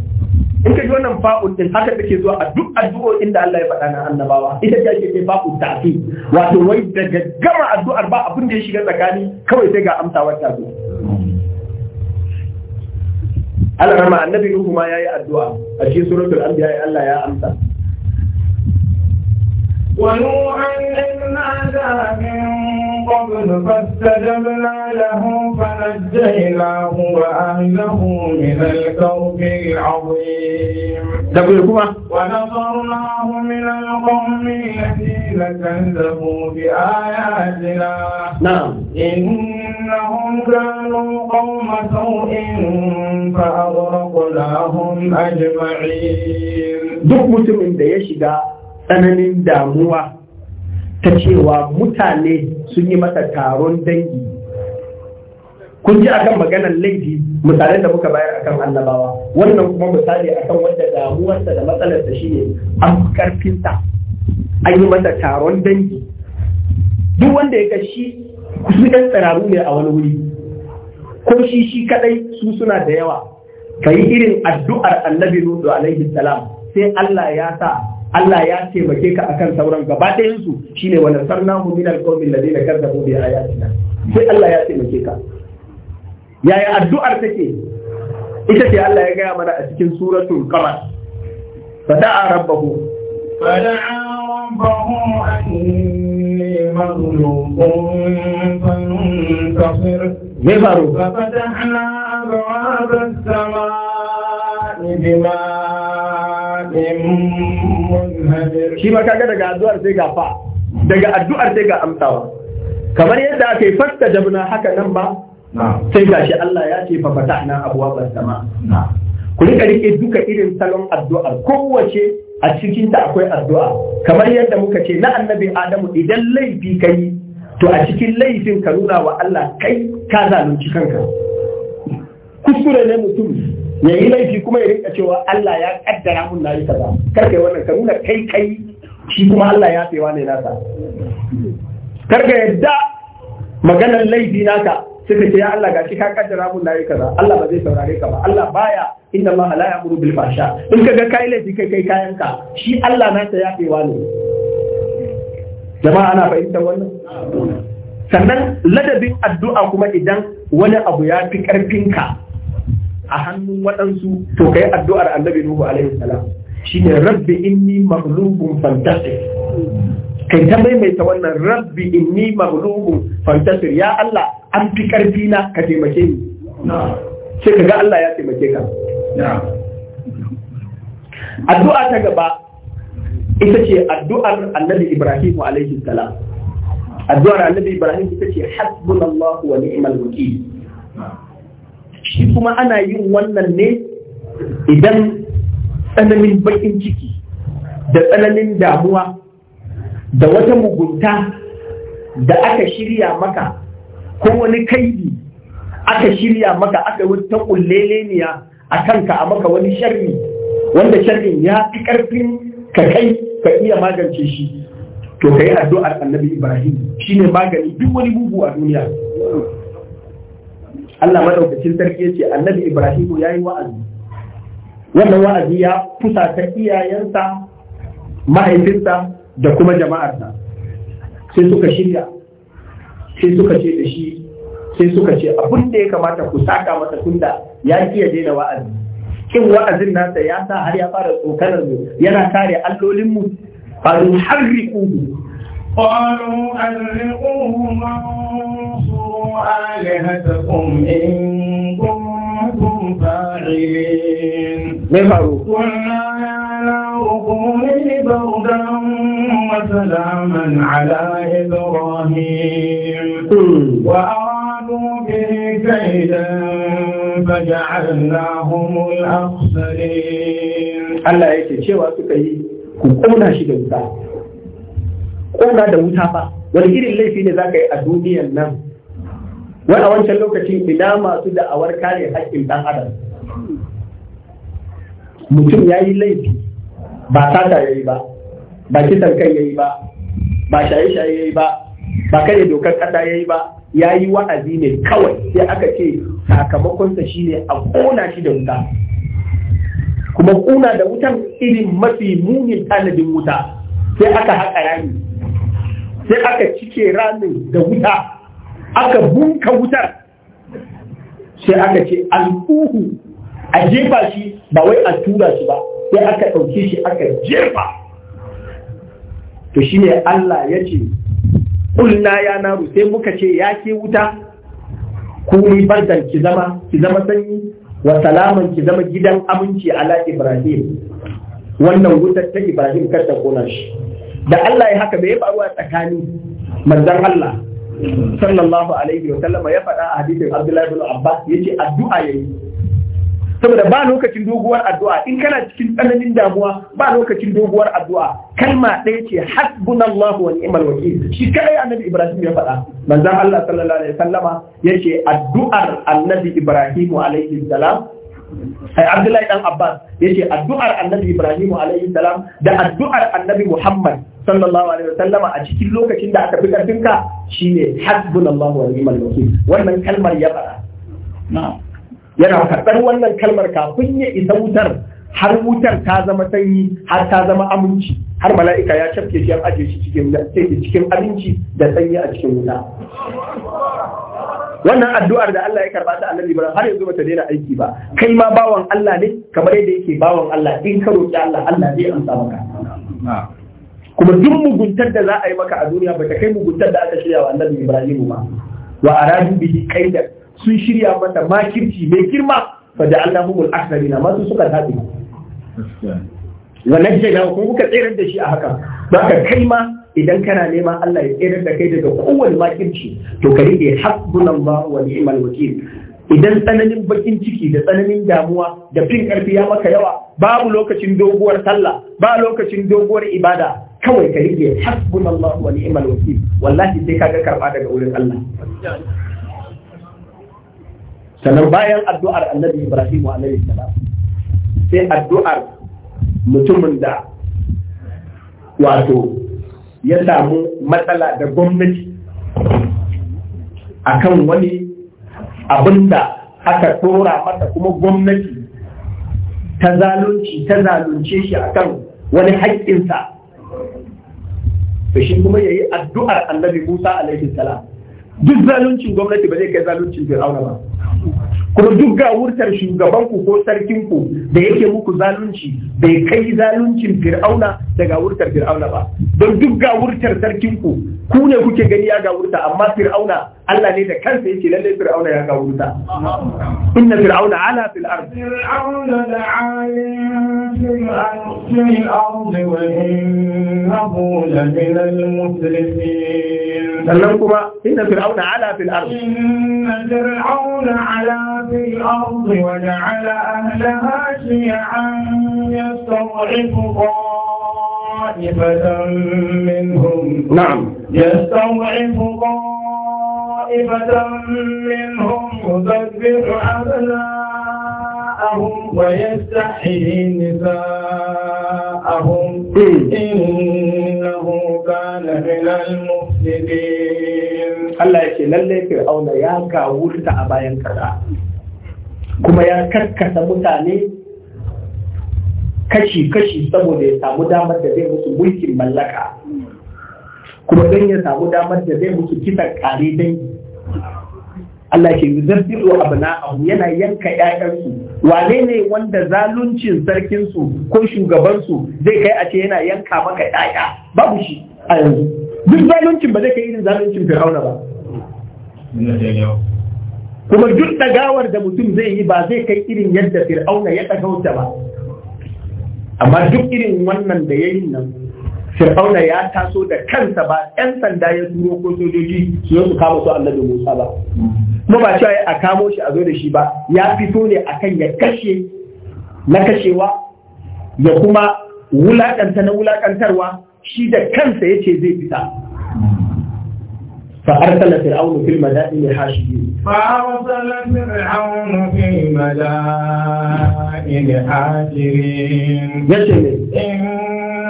in ka ji wannan fa'un din haka take zuwa a duk addu'o'in da Allah ya faɗa na annabawa ita ce ake kai fa'un tafi wato wai daga gama addu'ar ba abin da ya shiga tsakani kawai sai ga amsawar ta zo Allah rama annabi ruhu ma yayi addu'a a cikin suratul anbiya Allah ya amsa ونوحا إذ نادى من قبل فاستجبنا له فنجيناه وأهله من الكرب العظيم ونصرناه من القوم الذين كذبوا بآياتنا نعم إنهم كانوا قوم سوء فأغرقناهم أجمعين دوك مسلم ده يشي tsananin damuwa ta cewa mutane sun yi masa taron dangi kun ji akan maganar laifi misalai da muka bayar akan annabawa wannan kuma misali akan wanda damuwarsa da matsalarsa shine an karfinsa an yi masa taron dangi duk wanda ya kashi su ɗan tsararu ne a wani wuri ko shi shi kadai su suna da yawa ka yi irin addu'ar annabi nuhu alaihi salam sai Allah ya sa Allah ya taimake ka akan sauran gaba ne su shine wa nasarnahu min alqawmi alladhina bude a ayatina sai Allah ya taimake ka yaya addu'ar take ita ce Allah ya gaya mana a cikin suratul qamar fada'a rabbahu fada'a rabbahu anni maghlubun fantasir me faru fa fatahna abwaab as-samaa'i bimaa shi ma kaga daga addu'ar sai ga fa daga addu'ar sai ga amsawa kamar yadda aka yi fasta jabna haka nan ba sai gashi Allah ya ce fa fatahna abwaabas sama ku rika rike duka irin salon addu'ar kowace a cikin ta akwai addu'a kamar yadda muka ce na annabi Adamu idan laifi kai to a cikin laifin ka nuna wa Allah kai ka zalunci kanka kuskure ne mutum ya yi laifi kuma ya rinka cewa Allah ya kaddara mun na yi kaza kar kai wannan ka nuna kai kai shi kuma Allah ya fi ne nasa karka yadda maganar laifi naka suka ce ya Allah ga shi ka kaddara mun nayi kaza Allah ba zai saurare ka ba Allah baya inna Allah la ya'muru bil fahsha in kaga kai laifi kai kai kayan ka shi Allah nasa ya fi ne jama'a ana fahimtar wannan sannan ladabin addu'a kuma idan wani abu ya fi karfinka a hannun waɗansu to kai addu'ar annabi Nuhu alaihi salam ne rabbi inni maghlubun fantastic kai ta maimaita wannan rabbi inni maghlubun fantastic ya Allah an fi karfi na ka taimake ni sai ka ga Allah ya taimake ka addu'a ta gaba ita ce addu'ar annabi Ibrahim alaihi salam addu'ar annabi Ibrahim ita ce hasbunallahu wa ni'mal wakil shi kuma ana yin wannan ne idan tsananin bakin ciki da tsananin damuwa da wata mugunta da aka shirya maka ko wani kaidi aka shirya maka aka yi ta kulleleniya a kanka a maka wani sharri wanda sharrin ya fi ƙarfin ka kai ka iya magance shi to ka yi addu'ar annabi ibrahim shine magani duk wani bugu a duniya Allah madaukakin sarki ya ce annabi ibrahim ya yi wa'azi wannan wa'azi ya fusata iyayensa mahaifinsa da kuma jama'arsa sai suka shirya sai suka ce da shi sai suka ce abin da ya kamata ku saka masa tunda ya iya daina wa'azi kin wa'azin nasa ya sa har ya fara tsokanar mu yana kare allolinmu faru har riƙuhu قالوا ألقوه وانصروا آلهتكم إن كنتم فاعلين me faru hmm. ya ce cewa suka yi ku kona shi da wuta kona da wuta ba wani irin laifi ne za ka yi a duniyar nan wani a wancan lokacin ina masu da'awar kare haƙƙin ɗan adam mutum ya yi laifi ba sata ya yi ba ba kisan kai ya yi ba ba shaye-shaye ya yi ba ba kare dokar kada ya yi ba ya yi wa'azi ne kawai sai aka ce sakamakonsa shine a kona shi da wuta kuma kuna da wutan irin mafi munin tanadin wuta sai aka haƙa rami sai aka cike ramin da wuta aka bunka wutar sai aka ce al'uhu a jefa shi ba wai a tura shi ba sai aka ɗauke shi aka jefa to shi ne Allah ya ce kulna ya naru sai muka ce ya ke wuta yi bardan ki zama ki zama sanyi wa salaman ki zama gidan aminci ala Ibrahim wannan wutar ta Ibrahim kar ta kona shi da Allah ya haka bai faruwa tsakani manzon Allah sallallahu alaihi wa sallama ya faɗa a hadisin Abdullahi ibn Abbas yace addu'a yayi saboda ba lokacin doguwar addu'a in kana cikin tsananin damuwa ba lokacin doguwar addu'a kalma ɗaya ce hasbunallahu wa ni'mal wakil shi kai annabi ibrahim ya faɗa manzon Allah sallallahu alaihi wasallama yace addu'ar annabi ibrahim alaihi salam ai abdullahi dan abbas yace addu'ar annabi ibrahim alaihi salam da addu'ar annabi muhammad sallallahu alaihi wasallam a cikin lokacin da aka fi karfinka shine hasbunallahu wa ni'mal wakil wannan kalmar ya faɗa. na'am yana karɓar wannan kalmar kafin ya isa wutar har wutar ta zama sanyi har ta zama aminci har mala'ika ya cafke shi ya aje shi cikin cikin aminci da sanyi a cikin wuta wannan addu'ar da Allah ya karba ta annabi Ibrahim har yanzu bata daina aiki ba kai ma bawan Allah ne kamar yadda yake bawan Allah in ka roki Allah Allah zai amsa maka kuma duk muguntar da za a yi maka a duniya bata kai muguntar da aka shirya wa annabi Ibrahim ba wa aradu bihi kaidan sun shirya mata makirci mai girma fa da Allah humul akharina ma su suka tabi wa najjayna ko kuka tsirar da shi a haka baka kai ma idan kana nema Allah ya tsirar da kai daga kowane makirci to ka rike hasbunallahu wa ni'mal wakil idan tsananin bakin ciki da tsananin damuwa da fin karfi ya maka yawa babu lokacin doguwar sallah ba lokacin doguwar ibada kawai ka rike hasbunallahu wa ni'mal wakil wallahi sai kaga karba daga wurin Allah sannan bayan addu'ar annabi ibrahim alaihi salam sai addu'ar mutumin da wato ya samu matsala da gwamnati akan wani abin aka tora masa kuma gwamnati ta zalunci ta zalunce shi akan wani haƙƙinsa to shi kuma ya yi addu'ar annabi musa alaihi salam duk zaluncin gwamnati ba zai kai zaluncin fir'auna ba you. kuma duk ga wurtar shugabanku ko sarkinku da yake muku zalunci bai kai zaluncin fir'auna daga wurtar fir'auna ba don duk ga wurtar sarkinku ku ne kuke gani ya wurta amma fir'auna Allah ne da kansa yake lalle fir'auna ya wurta. inna fir'auna ala fil ard fir'auna da fil ard wa innahu la min al muslimin sannan kuma inna fir'auna ala fil ard inna fir'auna ala في الأرض وجعل أهلها شيعا يستضعف طائفة منهم نعم يستضعف طائفة منهم يدبر أبناءهم ويستحيي نساءهم إنه كان من المفسدين Allah ya ce lallai fir'auna ya ta a bayan kaza kuma ya karkasa mutane kashi-kashi saboda ya samu damar da zai musu mulkin mallaka kuma don ya samu damar da zai musu kisan kare dangi Allah ke yi yuzabbiru abu yana yanka 'ya'yansu, wane ne wanda zaluncin sarkinsu ko shugabansu zai kai a ce yana yanka maka 'ya'ya? babu shi a yanzu duk zaluncin ba zai kai irin zaluncin fir'auna ba kuma duk ɗagawar da mutum zai yi ba zai kai irin yadda fir'auna ya wata ba amma duk irin wannan da ya yi nan fir'auna ya taso da kansa ba 'yan sanda ya turo ko sojoji su yi su kama su annabi musa ba kuma ba cewa a kamo shi a zo da shi ba ya fito ne akan ya kashe na kashewa ya kuma wulaƙanta na wulaƙantarwa shi da kansa ya ce zai fita فأرسل فرعون في المدائن حاشدين فأرسل فرعون في المدائن حاشدين إن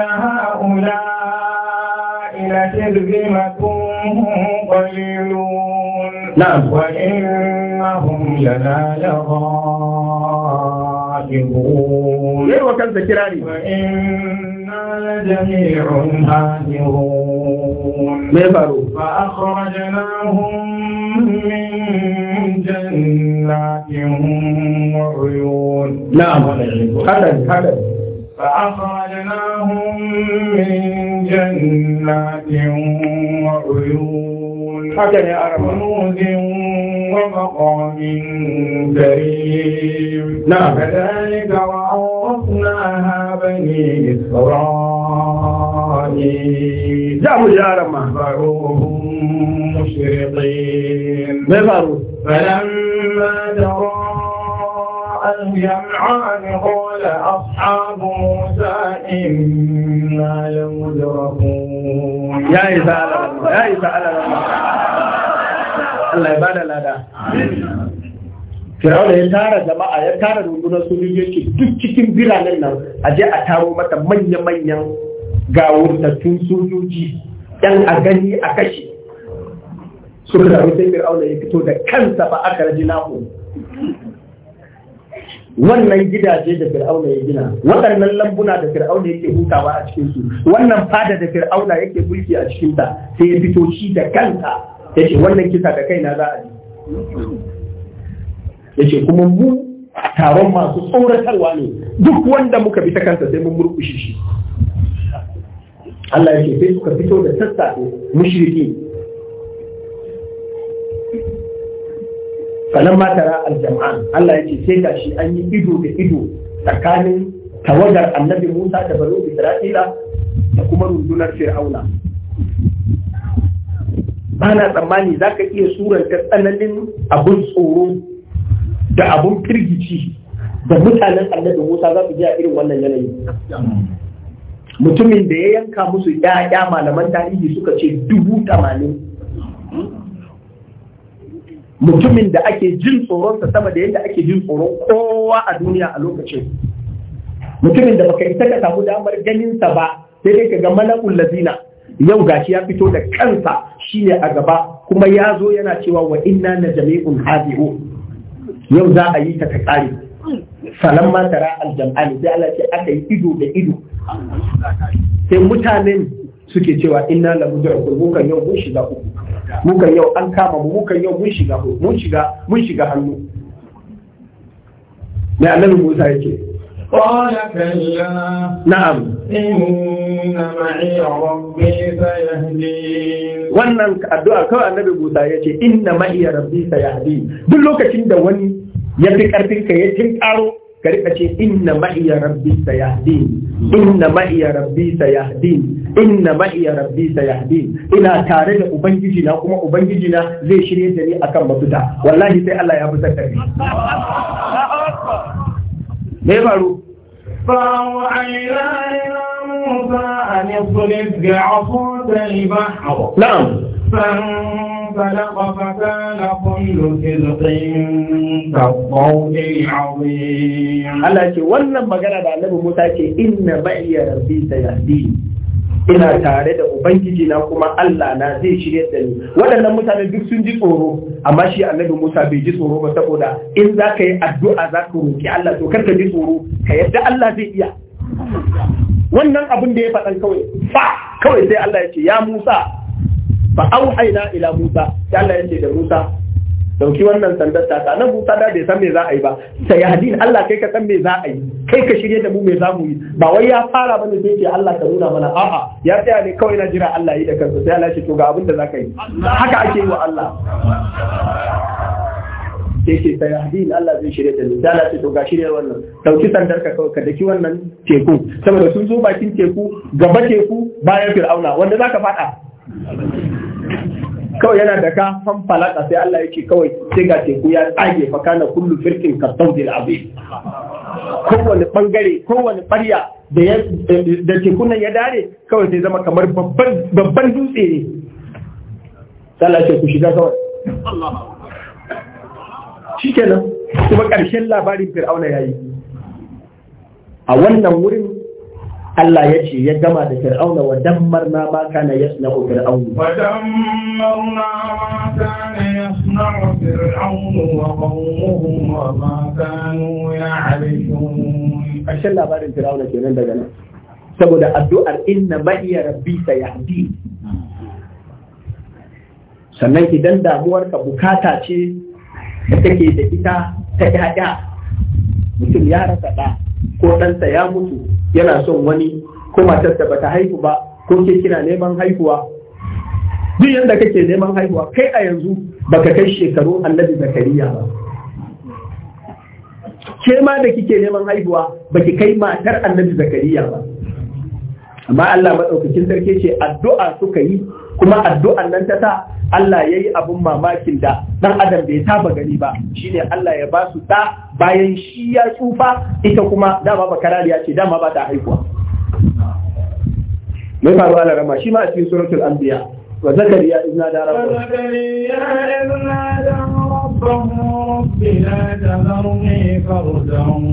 هؤلاء لشرذمة قليلون نعم وإنهم لنا لغائبون إيه وإنا لجميع حاذرون me faru fa akhrajnahum min jannatin wa uyun na'am haka haka فأخرجناهم من جنات وعيون كنوز ومقام كريم نعم كذلك وعرفناها بني إسرائيل جابوا يا رمى فروهم مشرقين فلما ترى الجمعان قال أصحاب موسى إنا لمدركون يا إسالة يا إسالة Allah ya bada lada Fir'auna ya tara jama'a ya tara rundunar sojoji duk cikin biranen nan a je a taro mata manya-manyan gawurtattun sojoji yan a gani a kashe suka taru sai Fir'auna ya fito da kansa ba aka raji naku wannan gidaje da fir'auna ya gina waɗannan lambuna da fir'auna yake hutawa a cikinsu wannan fada da fir'auna yake mulki a cikinta sai ya fito shi da kanta. yace wannan kisa da kaina za a yi yace kuma mu taron masu tsoratarwa ne duk wanda muka bi ta kansa sai mun murkushe shi Allah ya ce sai suka fito da sassafe mushriki falan ma tara aljam'an Allah ya ce sai gashi an yi ido da ido tsakanin tawagar annabi Musa da Bani Isra'ila da kuma rundunar Fir'auna ba na tsammani za ka iya suranta tsananin abin tsoro da abin firgici da mutanen annabi musa za su ji irin wannan yanayi mutumin da ya yanka musu ya'ya malaman tarihi suka ce dubu tamanin mutumin da ake jin tsoronsa sama da yadda ake jin tsoron kowa a duniya a lokacin mutumin da baka ita ka samu damar ganinsa ba sai dai ka ga mala'ul lazina yau gashi ya fito da kansa shine a gaba kuma ya zo yana cewa wa inna na jami'un hadi'u yau za a yi ta ta kare sanan ma tara aljam'ani sai Allah ce aka yi ido da ido sai mutanen suke cewa inna la mudrakun mun kan yau mun shiga uku mun kan yau an kama mu mun kan yau mun shiga mun shiga mun shiga hannu me annabi Musa yake قال كلا نعم إن معي ربي سيهدين wannan addu'a kawai annabi Musa ya ce inna ma'iya rabbi sayahdi duk lokacin da wani ya fi karfin ka ya ƙaro, ka rika ce inna ma'iya rabbi sayahdi inna ma'iya rabbi sayahdi inna ma'iya rabbi sayahdi ina tare da ubangijina, kuma ubangijina zai shirye da ni a akan mafita wallahi sai Allah ya fi da ni me faru faru ayyana ila musa an yusrif bi aqudan bahr na'am فانطلق فكان كل wannan magana da Annabi Musa ce inna ba'iya rabbi sayahdi ina tare da ubangiji na kuma Allah na zai shirye da ni waɗannan mutane duk sun ji tsoro amma shi annabi Musa bai ji tsoro ba saboda in za ka yi addu'a za ka roki Allah to karka ji tsoro ka yadda Allah zai iya wannan abin da ya faɗan kawai fa kawai sai Allah ya ce ya Musa fa auhayna ila Musa sai Allah ya ce da Musa dauki wannan sandar ta nan Musa da bai san me za a yi ba sai ya hadin Allah kai ka san me za a yi kai ka shirye da mu me za mu yi ba wai ya fara bane sai ce Allah ka nuna mana a'a ya tsaya ne kawai na jira Allah yi da kansa sai Allah ya to ga abin da zaka yi haka ake yi wa Allah sai ce sai hadin Allah zai shirye da ni sai Allah ya to ga shirye wannan dauki sandar ka kawai ka daki wannan teku saboda sun zo bakin teku gaba teku bayan fir'auna wanda zaka fada kawai yana da ka fanfalaka sai Allah yake kawai sai ga teku ya tsage fa kana kullu firkin kasawdil azim kowane bangare kowane ɓarya da nan ya dare kawai sai zama kamar babban dutse ne sallah ce ku shiga kawai shi nan, kuma karshen labarin fir'auna ya yi a wannan wurin Allah ya ce ya gama da fir'auna wa dammar na ma kana ku fir'aunu wa dammar na ma kana yasna'u fir'aunu wa qawmuhu wa ma kanu halittu. ashin labarin fir'auna ke nan daga nan saboda addu'ar inna ma'iya rabbi sayahdi sannan idan damuwarka bukata ce da take da ita ta ƴaƴa mutum ya rasa ɗa ko ɗansa ya mutu yana son wani ko matar da bata haihu ba ko ke kina neman haihuwa duk yadda kake neman haihuwa kai a yanzu baka kai shekaru annabi zakariya ba ke ma da kike neman haihuwa baki kai matar annabi zakariya ba amma Allah maɗaukakin sarki ce addu'a suka yi kuma addu'an nan ta sa Allah ya yi abin mamakin da ɗan adam bai taba gani ba shine Allah ya ba su ɗa bayan shi ya tsufa ita kuma dama ba karariya ce dama ba ta haihuwa mai faruwa da rama shi ma a cikin suratul anbiya wa zakariya ibn da rabbu zakariya ibn da rabbu rabbina tazarni fardan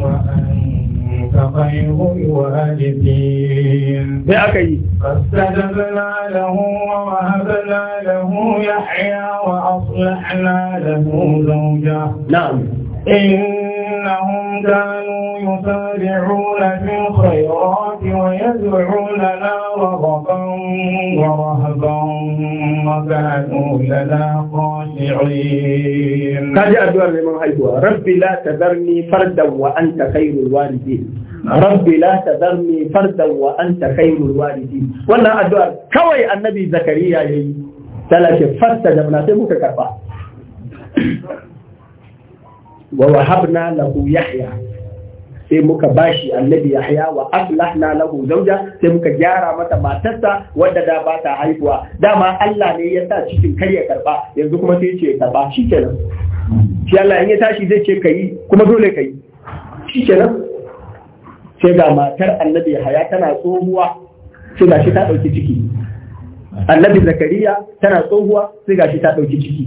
wa anta khayrul walidin me aka yi فاستجبنا له ووهبنا له يحيى وأصلحنا له زوجه نعم إنهم كانوا يسارعون في الخيرات لا رغبا ورهبا وكانوا لنا خاشعين تاجي أدوار لمن هيدوا ربي لا تذرني فردا وأنت خير الوالدين ربي لا تذرني فردا وأنت خير الوالدين وانا أدوار كوي النبي زكريا يلي ثلاثة فاستجبنا سيبوك كربا wa wahabna lahu yahya sai muka bashi annabi yahya wa aslahna lahu zawja sai muka gyara mata matarsa wadda da ba ta haihuwa dama Allah ne ya sa cikin kar ya karba yanzu kuma sai ce karba shikenan shi Allah in ya tashi zai ce kai kuma dole kai shikenan sai ga matar annabi yahya tana tsohuwa sai ga shi ta dauki ciki annabi zakariya tana tsohuwa sai ga shi ta dauki ciki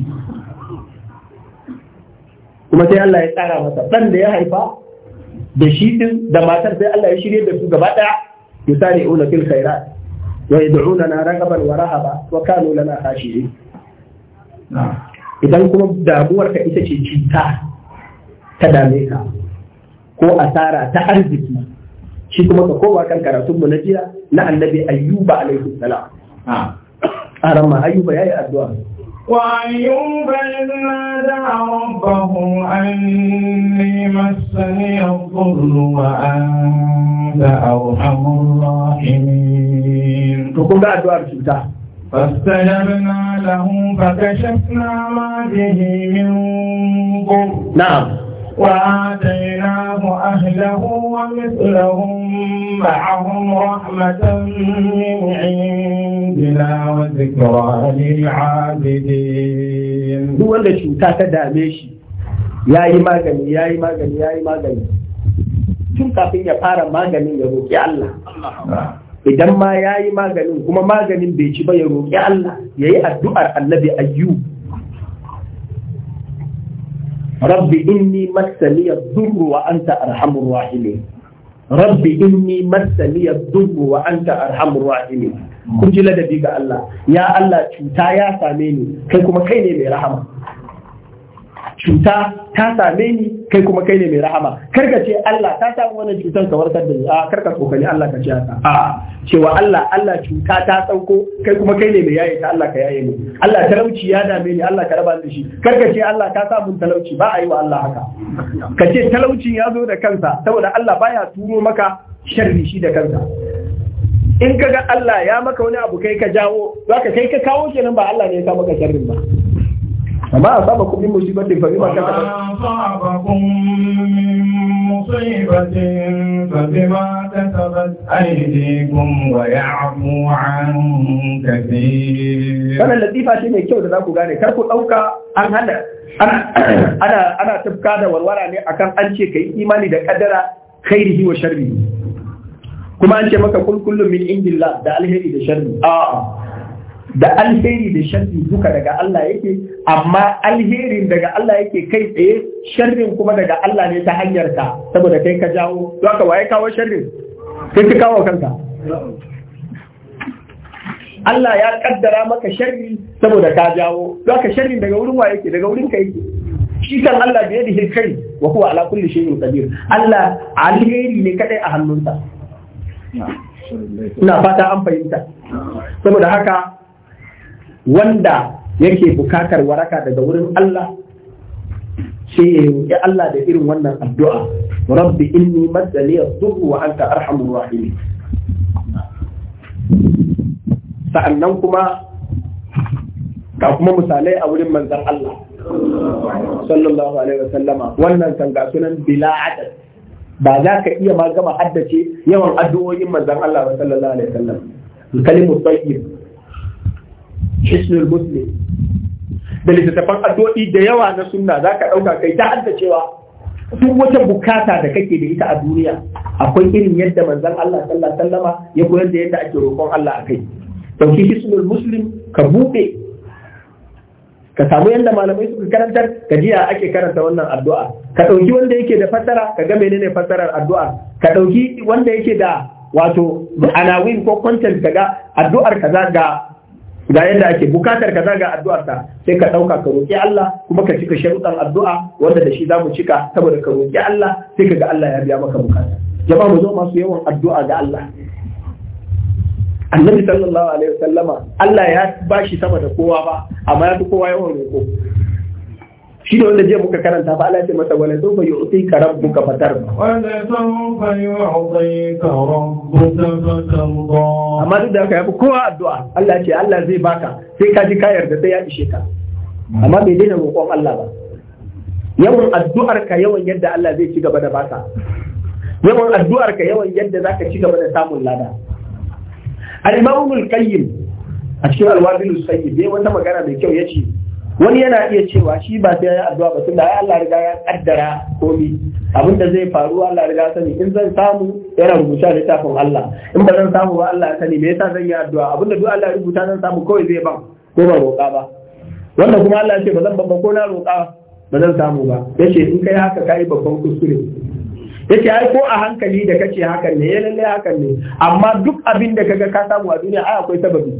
kuma sai Allah ya tsara masa ɗan da ya haifa da shi din da matar sai Allah ya shirye da su gaba daya ula fil khaira wa na ragaban wa rahaba wa kanu lana hashirin idan kuma damuwar ka ita ce cuta ta dame ka ko asara ta arziki shi kuma ka koma kan karatun mu na jiya na annabi ayyuba alaihi salam ah. a ma ayyuba yayi addu'a وأيوب إذ نادى ربه أني مسني الضر وأنت أرحم الراحمين تقول بعد فاستجبنا له فكشفنا ما به من ضر نعم وآتيناه أهله ومثلهم معهم رحمة من عندنا وذكرى للعابدين هو اللي شو شوتا تداميشي يا magani ya yi magani ya yi magani tun kafin ya fara maganin ya roƙi Allah idan ma ya yi maganin kuma maganin bai ci ba ya roƙi Allah ya yi addu'ar annabi ayyub rabbi inni masaniya durru wa anta arhamur rahimin rabbi inni wa anta arhamur rahimin kun ji ladabi ga Allah ya Allah cuta ya same ni kai kuma kai ne mai rahama cuta ta same ni kai kuma kai ne mai rahama karka ce Allah ta samu wannan cutar ka warkar da ni a karka tsokani Allah ka ce haka a cewa Allah Allah cuta ta sauko kai kuma kai ne mai yaye ta Allah ka yaye ni Allah talauci ya dame ni Allah ka raba ni shi karka ce Allah ka sa talauci ba a yi wa Allah haka ka ce talaucin ya zo da kansa saboda Allah baya turo maka sharri shi da kansa in ka ga Allah ya maka wani abu kai ka jawo zaka kai ka kawo kenan ba Allah ne ya sa maka sharrin ba amma a saba kuɗin musibatin fari maka ta Wannan latifa ce mai kyau da za ku gane, kar ku ɗauka ana tafka da warwara ne akan an ce ka yi imani da ƙaddara khairi wa sharri. Kuma ance maka kulkullum min indin da alheri da sharri. A'a. da alheri da sharri duka daga Allah yake amma alherin daga Allah yake kai tsaye sharrin kuma daga Allah ne ta hanyar ka saboda kai ka jawo zaka waye kawo sharrin kai ka kawo kanka Allah ya kaddara maka sharri saboda ka jawo zaka ka sharrin daga wurin wa yake daga wurin ka yake shi kan Allah da yadda kai wa huwa ala kulli shay'in qadir Allah alheri ne kadai a hannunsa ina fata an fahimta saboda haka wanda yake bukatar waraka daga wurin Allah sai ya roƙi Allah da irin wannan addu'a rabbi inni maddani yadurru wa anta arhamur rahim sa'annan kuma ka kuma misalai a wurin manzan Allah sallallahu alaihi wasallama wannan kan ga sunan bila adad ba za ka iya ma gama haddace yawan addu'o'in manzan Allah sallallahu alaihi sallam. kalimu tayyib hisnul muslim da littattafan addu'o'i da yawa na sunna za ka ɗauka kai ta hadda cewa duk wata bukata da kake da ita a duniya akwai irin yadda manzan Allah sallallahu ya koyar da yadda ake roƙon Allah a kai. dauki hisnul muslim ka buɗe ka samu yadda malamai suka karantar ka jiya ake karanta wannan addu'a ka ɗauki wanda yake da fassara ka ga menene fassarar addu'a ka ɗauki wanda yake da wato anawin ko content ka ga addu'ar kaza ga ga yadda ake bukatar ka zaga addu'ar ta sai ka dauka ka roki Allah kuma ka cika sharuɗan addu'a wanda da shi zamu cika saboda ka roki Allah sai ka ga Allah ya biya maka bukata jama'a mu zo masu yawan addu'a ga Allah annabi sallallahu alaihi wasallama Allah ya bashi sama da kowa ba amma ya fi kowa yawan roko shi ne wanda jiya muka karanta ba Allah ya ce masa wala sau fa yu'ti ka rabbuka fatar wala sau fa rabbuka fatar amma duk da haka yafi kowa addu'a Allah ce Allah zai baka sai ka ji kayar da sai ya ishe ka amma bai daina roƙon Allah ba yawan addu'ar ka yawan yadda Allah zai ci gaba da baka yawan addu'ar ka yawan yadda zaka ci gaba da samun lada al-imamu qayyim a cikin al-wabil sayyid wata magana mai kyau yace wani yana iya cewa shi ba sai ya addu'a ba tunda ai Allah riga ya kaddara komai abin da zai faru Allah riga sani in zan samu yana rubuta da tafin Allah in ba zan samu ba Allah ya sani me yasa zan yi addu'a abin da duk Allah ya rubuta zan samu kawai zai ban ko ba roƙa ba wanda kuma Allah ya ce ba zan ban ko na roƙa ba zan samu ba yace in kai haka kai babban kuskure yace ai ko a hankali da kace hakan ne ya eh, lalle hakan ne amma duk abin da kaga ka samu a duniya ai akwai sababi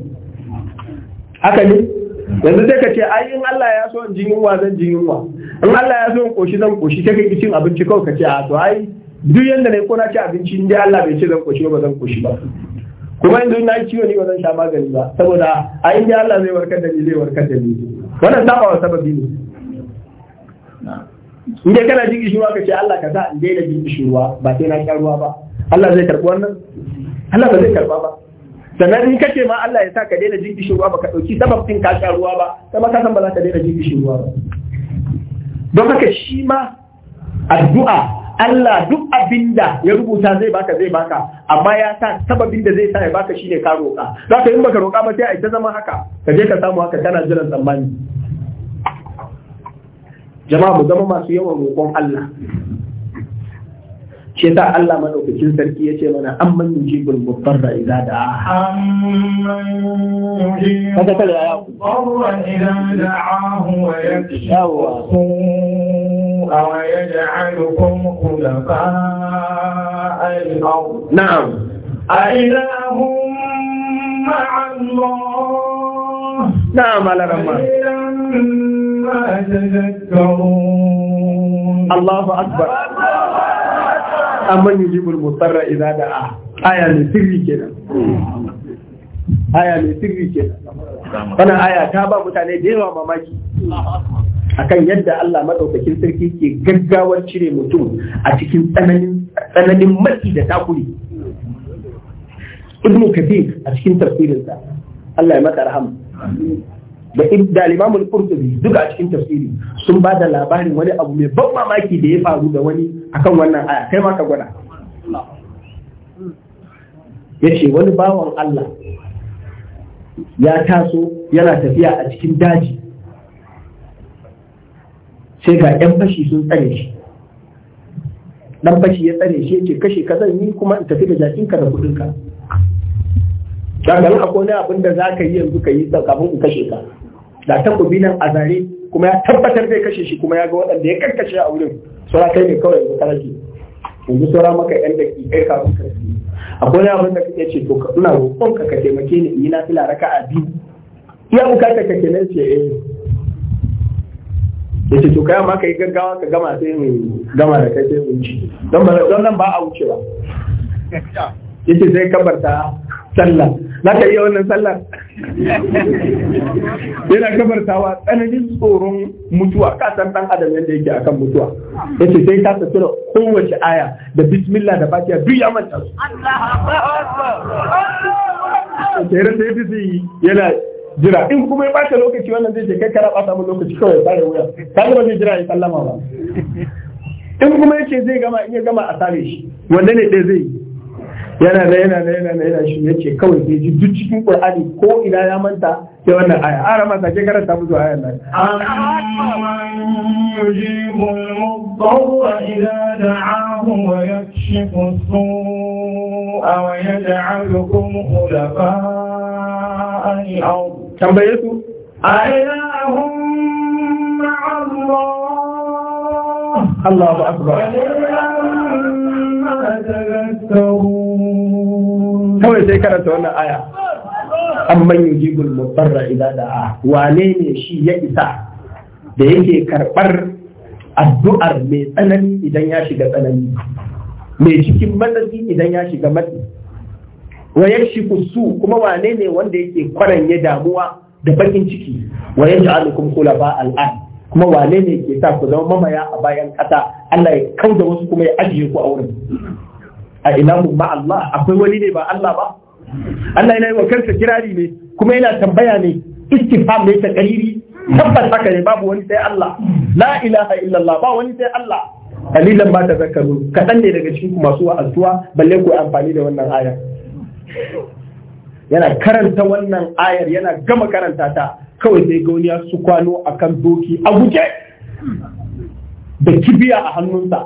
haka ne yanzu sai ka ce ai in Allah ya so in jin zan jin yunwa in Allah ya so in koshi zan koshi sai ka cin abinci kawai ka ce a to ai duk yanda ne ko na ci abinci in dai Allah bai ce zan koshi ba zan koshi ba kuma yanzu na yi ciwo ne ba zan sha magani ba saboda a inda Allah zai warkar da ni zai warkar da ni wannan saba wa sababi ne in dai kana jin kishiwa ka ce Allah ka sa in daina jin kishiwa ba sai na sha ruwa ba Allah zai karbi wannan Allah ba zai karba ba sannan in kace ma Allah ya sa ka daina jin kishin ruwa ba ka ɗauki sababin ka sha ruwa ba kuma ka san ba za ka daina jin kishin ruwa ba don haka shi ma addu'a Allah duk abinda ya rubuta zai baka zai baka amma ya sa sababin da zai sa ya baka shine ka roƙa za ka in baka roƙa ba sai a ita zama haka ka je ka samu haka kana jiran tsammani jama'a mu zama masu yawan roƙon Allah shi yasa Allah madaukakin sarki yace mana amman yujibul mudarra idza da'a amman yujibul mudarra idza da'ahu wa yakshafu aw yaj'alukum khulafa'a al-ard na'am ailahum ma'a Allah na'am ala rahman ma tadhakkarun Allahu akbar amman yujibul musarra da a aya mai sirri kenan aya mai sirri kenan wannan aya ta ba mutane da yawa mamaki akan yadda Allah maɗaukakin sarki ke gaggawar cire mutum a cikin tsananin matsi da takuri ibn kafin a cikin tafsirinsa Allah ya mata rahama da da Imam qurtubi duk a cikin tafsiri sun ba da labarin wani abu mai ban mamaki da ya faru da wani akan wannan aya kai ma ka gwada yace wani bawan Allah ya taso yana tafiya a cikin daji sai ga 'yan fashi sun tsare shi dan fashi ya tsare shi yake kashe ka zan yi kuma in tafi da jakinka da kudinka ga nan akwai wani abin da za ka yi yanzu ka yi kafin in kashe ka da takobi nan a zare kuma ya tabbatar zai kashe shi kuma ya ga waɗanda ya karkashe a wurin saura kai ne kawai yanzu karaki yanzu saura maka yan da ke kai kafin ka karfi akwai abin da kake ce to ina roƙon ka ka taimake ni ina yi raka a biyu iya bukatar ka kenan ce eh Ya ce to kaya ma yi gaggawa ka gama sai mu gama da kai sai mu ci don ba nan ba a wucewa yace zai kabarta sallah za ka iya wannan sallar yana kabartawa tsananin tsoron mutuwa kasan dan adam yadda yake akan mutuwa Ya ce sai ta tafi da kowace aya da bismillah da fatiha duk ya manta su tsere sai bisi yana jira in kuma ya bata lokaci wannan zai je kai kara bata mu lokaci kawai tare wuya kaga ba zai jira ya sallama ba in kuma yace zai gama in ya gama a sare shi wanda ne ɗaya zai yi yana da yana da yana da yana shi yace kawai sai ji duk cikin Qur'ani ko ina ya manta sai wannan aya ara ma sake karanta musu ayar nan amman yujibul mudarra idza da'ahu wa yakshifu su'a wa yaj'alukum khulafa'a al-ard tambaye su ayyahum Allah Allahu akbar kawai sai karanta wannan aya amman yujibul mutarra da a. wane ne shi ya isa da yake karɓar addu'ar mai tsanani idan ya shiga tsanani mai cikin matsi idan ya shiga matsi wa shi su kuma wane ne wanda yake kwaranye damuwa da bakin ciki wa kula ba al'adu? kuma wane ne ke sa ku zama mamaya a bayan kasa Allah ya kauda wasu kuma ya ajiye ku a wurin a ina mu ma Allah akwai wani ne ba Allah ba Allah yana yi wa kansa kirari ne kuma yana tambaya ne istifam ne ta kariri tabbas haka ne babu wani sai Allah la ilaha illallah ba wani sai Allah kalilan ba ta zakaru kaɗan ne daga cikin masu wa'azuwa balle ku amfani da wannan ayar yana karanta wannan ayar yana gama karanta ta kawai sai ga wani ya su kwano a kan doki a guje da kibiya a hannunsa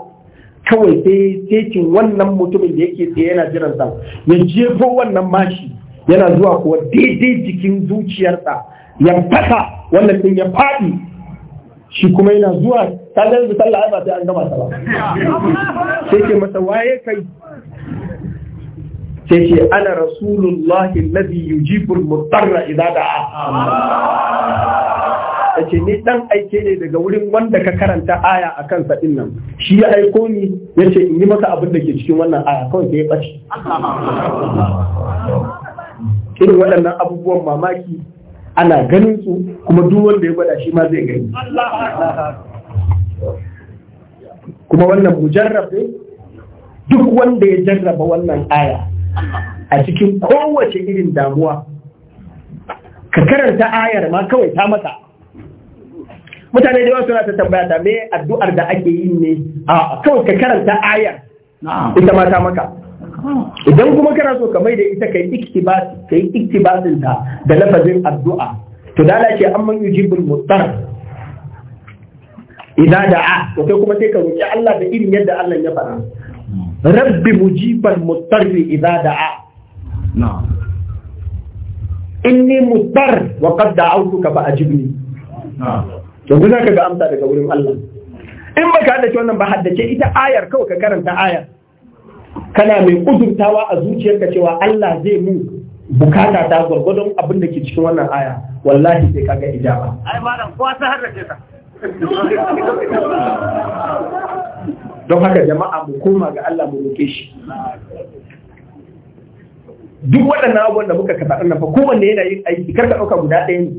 kawai sai tekin wannan mutumin da yake tsaye yana jiran sa ya jefo wannan mashi yana zuwa kuwa daidai jikin zuciyarsa ya fasa wannan din ya faɗi shi kuma yana zuwa ta da sallah ba sai an gama ta ba sai ke masa waye kai sai ce ana rasulullahi alladhi yujibul mutarra a da'a ce ni dan aike ne daga wurin wanda ka karanta aya a kan din nan shi ya aiko ni Ya ce in yi maka abin da ke cikin wannan aya kawai sai ya bace irin waɗannan abubuwan mamaki ana ganin su kuma duk wanda ya gwada shi ma zai gani kuma wannan mujarrab ne duk wanda ya jarraba wannan aya a cikin kowace irin damuwa ka karanta ayar ma kawai ta mata mutane da suna ta tambaya ta me addu'ar da ake yi ne a kawai ka karanta ayar ita ma ta maka idan kuma kana so ka mai da ita kai iktibasi kai iktibasin ta da lafazin addu'a to da dala ce amman yujibul muttar idan da'a to kai kuma sai ka roki Allah da irin yadda Allah ya faɗa rabbi mujibal mutarri idza da'a na'am inni mutar wa qad da'awtuka fa ajibni na'am to guda kaga amsa daga wurin Allah in baka haddace wannan ba haddace ita ayar kawai ka karanta ayar kana mai kudurtawa a zuciyarka cewa Allah zai mu bukata ta gwargwadon abin da ke cikin wannan aya wallahi sai kaga ijaba ai malam kowa sai haddace ta don haka jama'a mu koma ga Allah mu roke shi duk waɗannan abubuwan da muka kasa ɗan fa kowanne yana yin aiki kar ka ɗauka guda ɗaya ne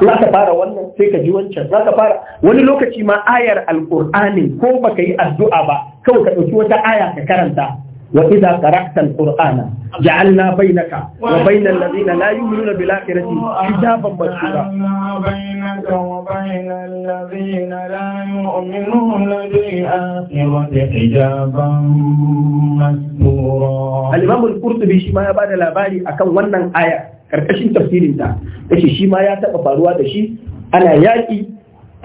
za ka fara wannan sai ka ji wancan za ka fara wani lokaci ma ayar alƙur'anin ko baka yi addu'a ba kawai ka ɗauki wata aya ka karanta وإذا قرأت القرآن جعلنا بينك وبين الذين لا يؤمنون بالآخرة حجابا مسجدا بينك وبين الذين لا يؤمنون بالآخرة حجابا مسجورا الإمام القرطبي شما يبعد الأباري أكون ونن آية karkashin tafsirin ta yace shi ma ya taba faruwa da shi ana yaki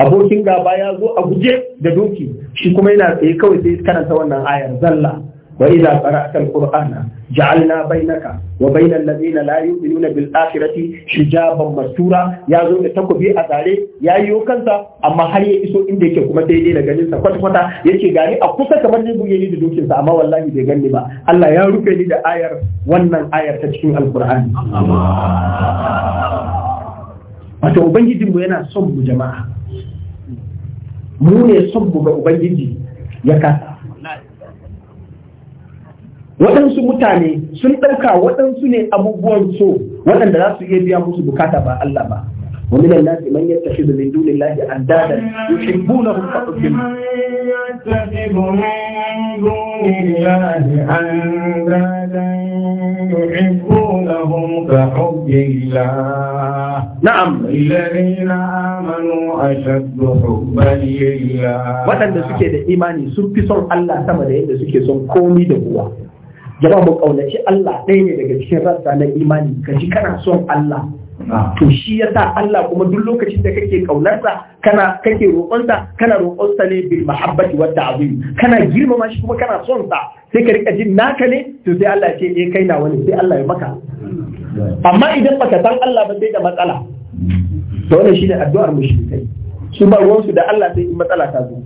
abokin gaba ya zo a guje da doki shi kuma yana tsaye kawai sai karanta wannan ayar zalla wa idza qara'tal qur'ana ja'alna bainaka wa bainal ladina la yu'minuna bil akhirati hijaban masura ya zo da takubi a gare yayi kansa, amma har ya iso inda yake kuma sai da ganin sa kwatakwata kwata yake gare a kusa kamar ne buge ni da dukin sa amma wallahi bai ganni ba Allah ya rufe ni da ayar wannan ayar ta cikin alqur'ani amma wato yana son mu jama'a mu ne son buga ga ubangiji ya kasa waɗansu mutane sun ɗauka waɗansu ne abubuwan so waɗanda za su iya biya musu bukata ba Allah ba ومن الناس من يتخذ من دون الله اندادا يحبونهم فحبهم يتخذ من دون الله اندادا يحبونهم كحب الله نعم الذين امنوا اشد حبا لله وتن da suke da imani sun fi son Allah sama da yadda suke son komai da kowa jama'a mu kaunaci Allah ɗaya ne daga cikin rassa na imani ka ji kana son Allah to shi yasa Allah kuma duk lokacin da kake kaunarsa kana kake roƙonsa kana roƙonsa ne bil mahabbati wa ta'zim kana girmama shi kuma kana son sa sai ka rika jin naka ne to sai Allah ya ce eh kai na wani sai Allah ya maka amma idan baka san Allah ba sai da matsala to wannan shine addu'ar mushrikai su ba ruwansu da Allah sai in matsala ta zo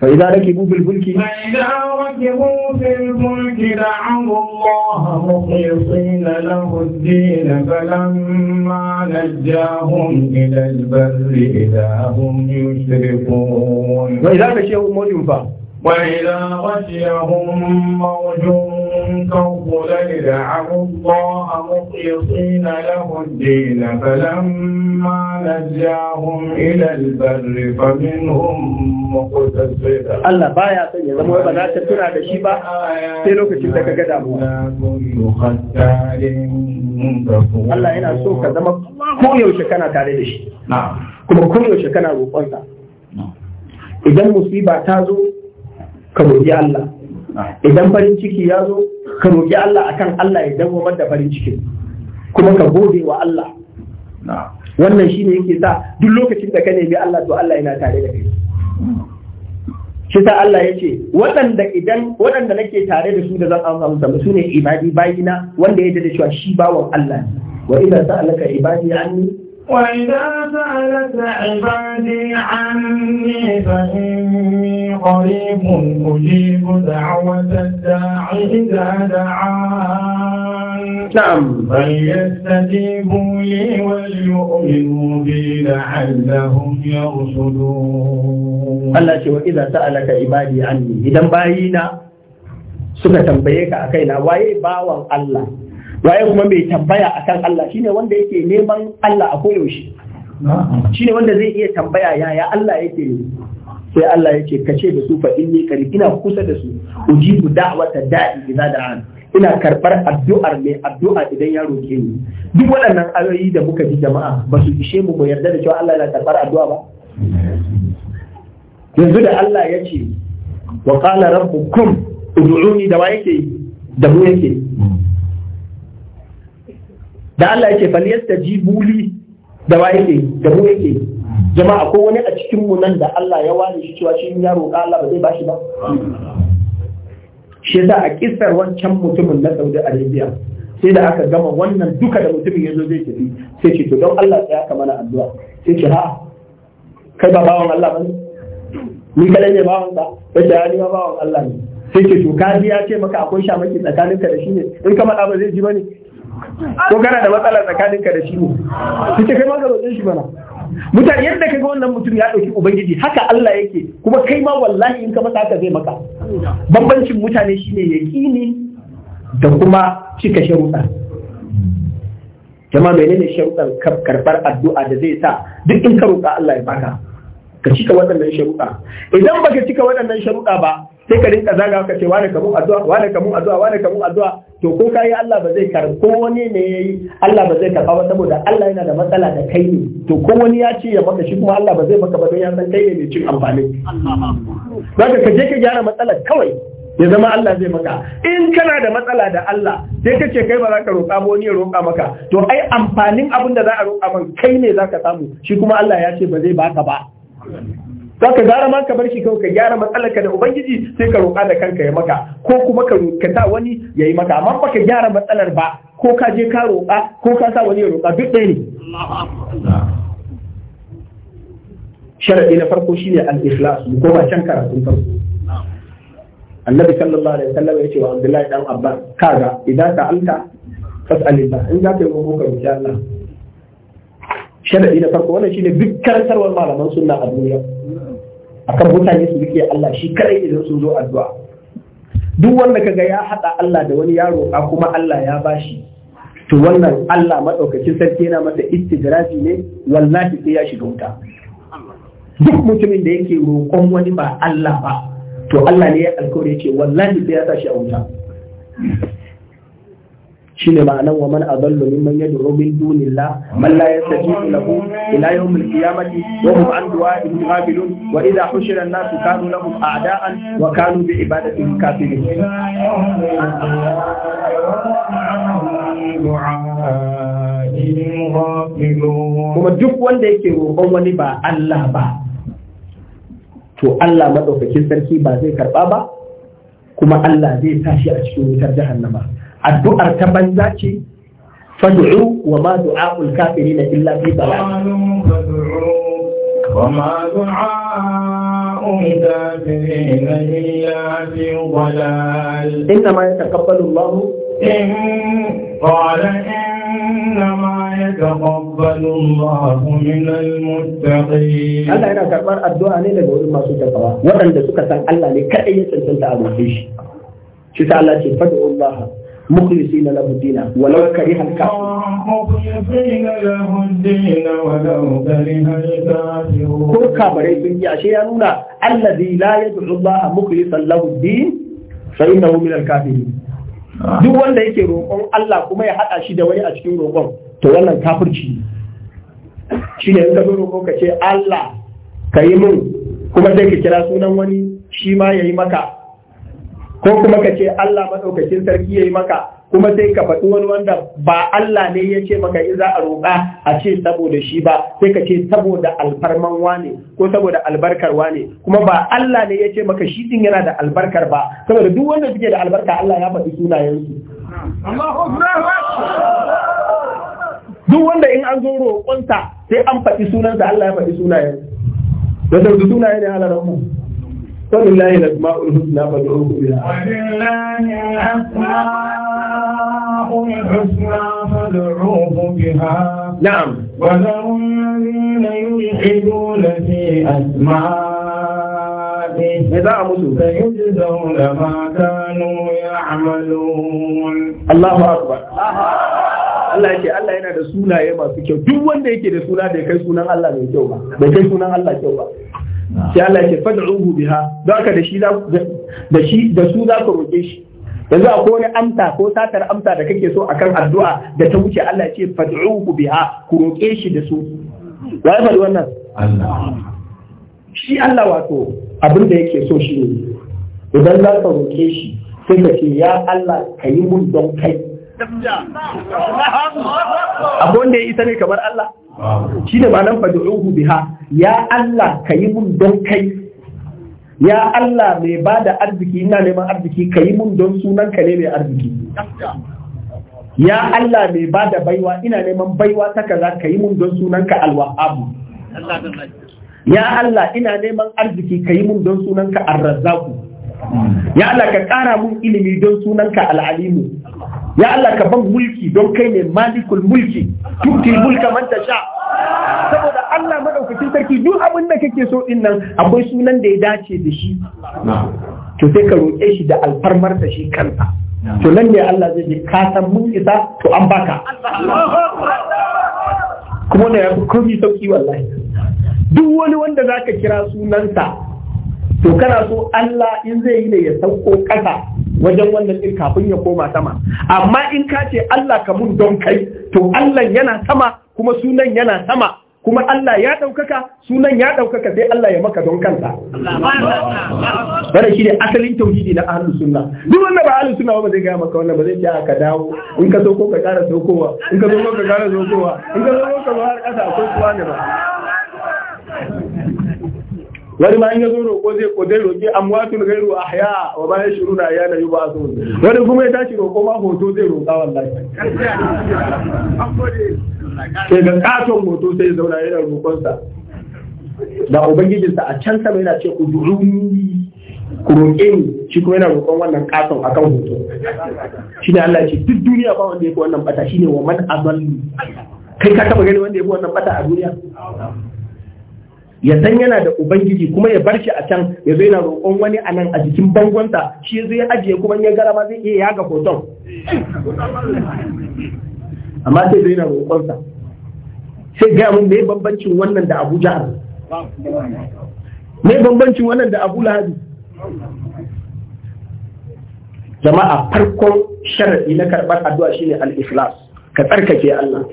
فإذا ركبوا في الفلك فإذا ركبوا في الفلك دعوا الله مخلصين له الدين فلما نجاهم إلى البر إذا هم يشركون وإذا مشيوا مولهم وإذا غشيهم موج كالظلل دعوا الله مخلصين له الدين فلما نجاهم إلى البر فمنهم مقتصد الله بايا سنة لما هو بنا تتنا بشيبا سيلوك شبتك كذا Allah yana so ka zama koyaushe kana tare da shi, kuma koyaushe kana roƙonsa. Idan musiba ta zo ka roƙi Allah idan farin ciki ya zo ka roƙi Allah akan Allah ya dawamar da farin ciki kuma ka gode wa Allah wannan shine yake sa duk lokacin da ka nemi Allah to Allah yana tare da kai shi sa Allah ya ce waɗanda idan waɗanda nake tare da su da zan amsa musu su ne ibadi bayina wanda ya da cewa shi bawan Allah wa idan sa'alaka ibadi anni وإذا سألت عبادي عني فإني قريب أجيب دعوة الداع إذا دعان نعم فليستجيبوا لي وليؤمنوا بي لعلهم يرشدون الله شو إذا سألك عبادي عني إذا باينا سنة تنبيك أكينا واي kaina الله waye kuma mai tambaya akan Allah shine wanda yake neman Allah a koyaushe shine wanda zai iya tambaya yaya Allah yake ne? sai Allah yake kace da su fa inni kari ina kusa da su ujibu da'wata da'i idza da'an ina karbar addu'ar mai addu'a idan ya roke ni duk waɗannan ayoyi da muka ji jama'a ba su ishe mu mu yarda da cewa Allah yana karbar addu'a ba yanzu da Allah ya ce wa qala rabbukum ud'uni da wa yake da mu yake da Allah yake fal ji buli da wa yake da mu yake jama'a ko wani a cikin mu nan da Allah ya ware shi cewa shi in ya roƙa Allah ba zai bashi ba shi yasa a kisar wancan mutumin na Saudi Arabia sai da aka gama wannan duka da mutumin ya zo zai tafi sai ce to don Allah sai aka mana addu'a sai ce ha kai ba bawan Allah ne? ni kalai ne bawan ka sai ce ni ba bawan Allah ne sai ce to ka ji ya ce maka akwai shamaki tsakaninka da shi ne in ka maɗa ba zai ji ba ne? ko kana da matsala tsakaninka da shi ne kace kai ma ka roƙe shi bana mutane yadda ka ga wannan mutum ya ɗauki ubangiji haka Allah yake kuma kai ma wallahi in ka masa haka zai maka bambancin mutane shine yaqini da kuma cika sharuɗa jama'a menene sharuɗan karɓar addu'a da zai sa duk in ka roƙa Allah ya baka ka cika waɗannan sharuɗa idan baka cika waɗannan sharuɗa ba sai ka rinka zaga ka ce wane kamun addu'a wane kamun addu'a wane kamun addu'a to ko kai Allah ba zai karba ko wani ne yayi Allah ba zai karba ba saboda Allah yana da matsala da kai ne to ko wani ya ce ya maka shi kuma Allah ba zai maka ba don ya san kai ne mai cin amfani zaka ka je ka gyara matsala kawai ya zama Allah zai maka in kana da matsala da Allah sai ka ce kai ba za ka roƙa ba wani ya roƙa maka to ai amfanin abin da za a roƙa man kai ne za ka samu shi kuma Allah ya ce ba zai baka ba za ka gara ma ka bar shi kawai ka gyara matsalar ka da ubangiji sai ka roƙa da kanka ya maka ko kuma ka roƙa ta wani ya yi maka amma baka gyara matsalar ba ko ka je ka roƙa ko ka sa wani ya roƙa duk ɗaya ne sharaɗi na farko ne al-ikhlas mu koma can karatun farko annabi sallallahu alaihi wasallam ya ce wa abdullahi dan abba kaga idan ka alta fas'alillah in za ka yi roƙo ka roƙi Allah sharaɗi na farko wannan ne duk karantarwar malaman sunna a duniya akan mutane su rike Allah shi kadai idan sun zo addu'a duk wanda kaga ya hada Allah da wani yaro a kuma Allah ya bashi to wannan Allah madaukakin sarki yana masa istidraji ne wallahi sai ya shiga wuta duk mutumin da yake roƙon wani ba Allah ba to Allah ne ya ya ce wallahi sai ya tashi a wuta shine ma'anan wa man adallu mimman yad'u min dunillah man la yastajibu lahu ila yawm al-qiyamati wa hum an du'a'ihim ghafilun wa idha hushira an-nasu kanu lahum a'da'an wa kanu bi ibadati kafirin kuma duk wanda yake roƙon wani ba Allah ba to Allah madaukakin sarki ba zai karba ba kuma Allah zai tashi a cikin wutar jahannama addu'ar ta banza ce fad'u wa ma du'a'ul kafirina illa fi dalal وما دعاء الكافرين إلا في ضلال إنما يتقبل الله إن قال إنما يتقبل الله من المتقين Allah yana karɓar addu'a ne daga wurin masu takawa waɗanda suka san Allah ne kaɗai ya cancanta a roƙe shi shi ta Allah ce fad'u Allah مخلصين له الدين ولو كره الكافر مخلصين له الدين ولو كره الكافرون كل كافرين بن يعشي نونا الذي لا يدعو الله مخلصا له الدين فإنه من الكافرين duk wanda yake roƙon Allah kuma ya haɗa shi da wani a cikin roƙon to wannan kafirci shi ne ka roƙo ka ce Allah ka yi mun kuma sai ka kira sunan wani shi ma ya yi maka ko kuma ka ce Allah maɗaukakin sarki ya yi maka kuma sai ka faɗi wani wanda ba Allah ne ya ce maka in za a roƙa a ce saboda shi ba sai ka ce saboda alfarman wane ko saboda albarkar wane kuma ba Allah ne ya ce maka shi din yana da albarkar ba saboda duk wanda suke da albarka Allah ya faɗi sunayensu. Duk wanda in an zo roƙonsa sai an faɗi sunansa Allah ya faɗi sunayensu. Da sauki sunaye ne halarar mu. فلله الأسماء الحسنى فادعوه بها نعم وذروا الذين يلحدون في أسماء سيجزون ما كانوا يعملون الله أكبر Allah yake Allah yana da sunaye masu kyau duk wanda yake da suna da kai sunan Allah mai kyau ba da kai sunan Allah kyau ba sai Allah ya ce fad'uhu biha don haka da shi da shi da su za ku roke shi yanzu akwai wani amsa ko satar amsa da kake so akan addu'a da ta wuce Allah ya ce fad'uhu biha ku roke shi da su wa ya faɗi wannan shi Allah wato abin da yake so shi ne idan za ka roke shi sai ka ce ya Allah ka yi mun don kai abin da ya isa ne kamar Allah shi ne ma nan faɗi 'Ohu biha ya Allah ka yi mun don kai ya Allah mai ba da arziki ina neman arziki ka yi mun don sunan ka ne mai arziki ya Allah mai ba da baiwa ina neman baiwa ta kaza ka yi mun don sunan ka alwahabu ya Allah ina neman arziki ka yi mun don sunan ka arrazaku ya Allah ka kara mun ilimi don sunanka al'alimu ya Allah ka ban mulki don kai ne malikul mulki tuti mulka man tasha saboda Allah madaukakin sarki duk abin da kake so din nan akwai sunan da ya dace da shi to sai ka roƙe shi da alfarmar da shi kansa to nan ne Allah zai ji ka san mun isa to an baka kuma ne ya fi komi sauki wallahi duk wani wanda zaka kira sunansa to kana so Allah in zai yi ne ya sauko ƙasa wajen wannan din kafin ya koma sama amma in ka ce Allah ka mun don kai to Allah yana sama kuma sunan yana sama kuma Allah ya ɗaukaka sunan ya ɗaukaka sai Allah ya maka don kansa shi ne asalin tauhidi na ahlus sunna duk wanda ba ahlus sunna ba zai ga maka wannan ba zai ce ka dawo in ka so ko ka kara sokowa in ka so ka kara sokowa in ka so ka ka har ƙasa akwai kuwa ne ba wani ma in yazo roƙo zai ko zai roƙi amwatun gairu ahya wa ba ya shiru na ya na yi ba su wani kuma ya tashi roƙo ma hoto zai roƙa wallahi sai ga katon hoto sai zauna yana roƙonsa da sa a can sama yana ce ku duruni ku roƙe ni shi kuma yana roƙon wannan katon akan hoto shi ne Allah ce duk duniya ba wanda ya fi wannan bata shine wa man azallu kai ka taba gani wanda ya fi wannan bata a duniya ya san yana da ubangiji kuma ya bar shi a can ya zo yana roƙon wani a nan a jikin bangonta shi ya ajiye kuma ya gara ma zai iya yaga hoton amma sai zai yana roƙonsa sai ga mun mai bambancin wannan da Abu Ja'ar mai bambancin wannan da Abu Lahabi jama'a farkon sharadi na karɓar addu'a shine al-ikhlas ka tsarkake Allah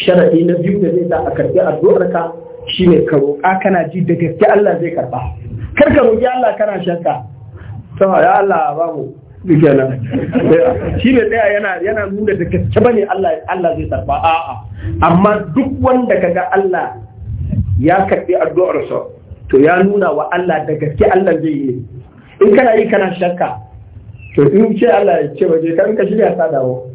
sharadi na biyu da zai sa a karɓi addu'arka shine ka roƙa kana ji da gaske Allah zai karba kar ka roƙi Allah kana shakka to ya Allah babu kenan shi ne tsaya yana yana nuna da gaske bane Allah Allah zai karba a'a amma duk wanda kaga Allah ya karbi addu'ar sa to ya nuna wa Allah da gaske Allah zai yi in kana yi kana shakka to in ce Allah ya ce waje kan ka shirya ka dawo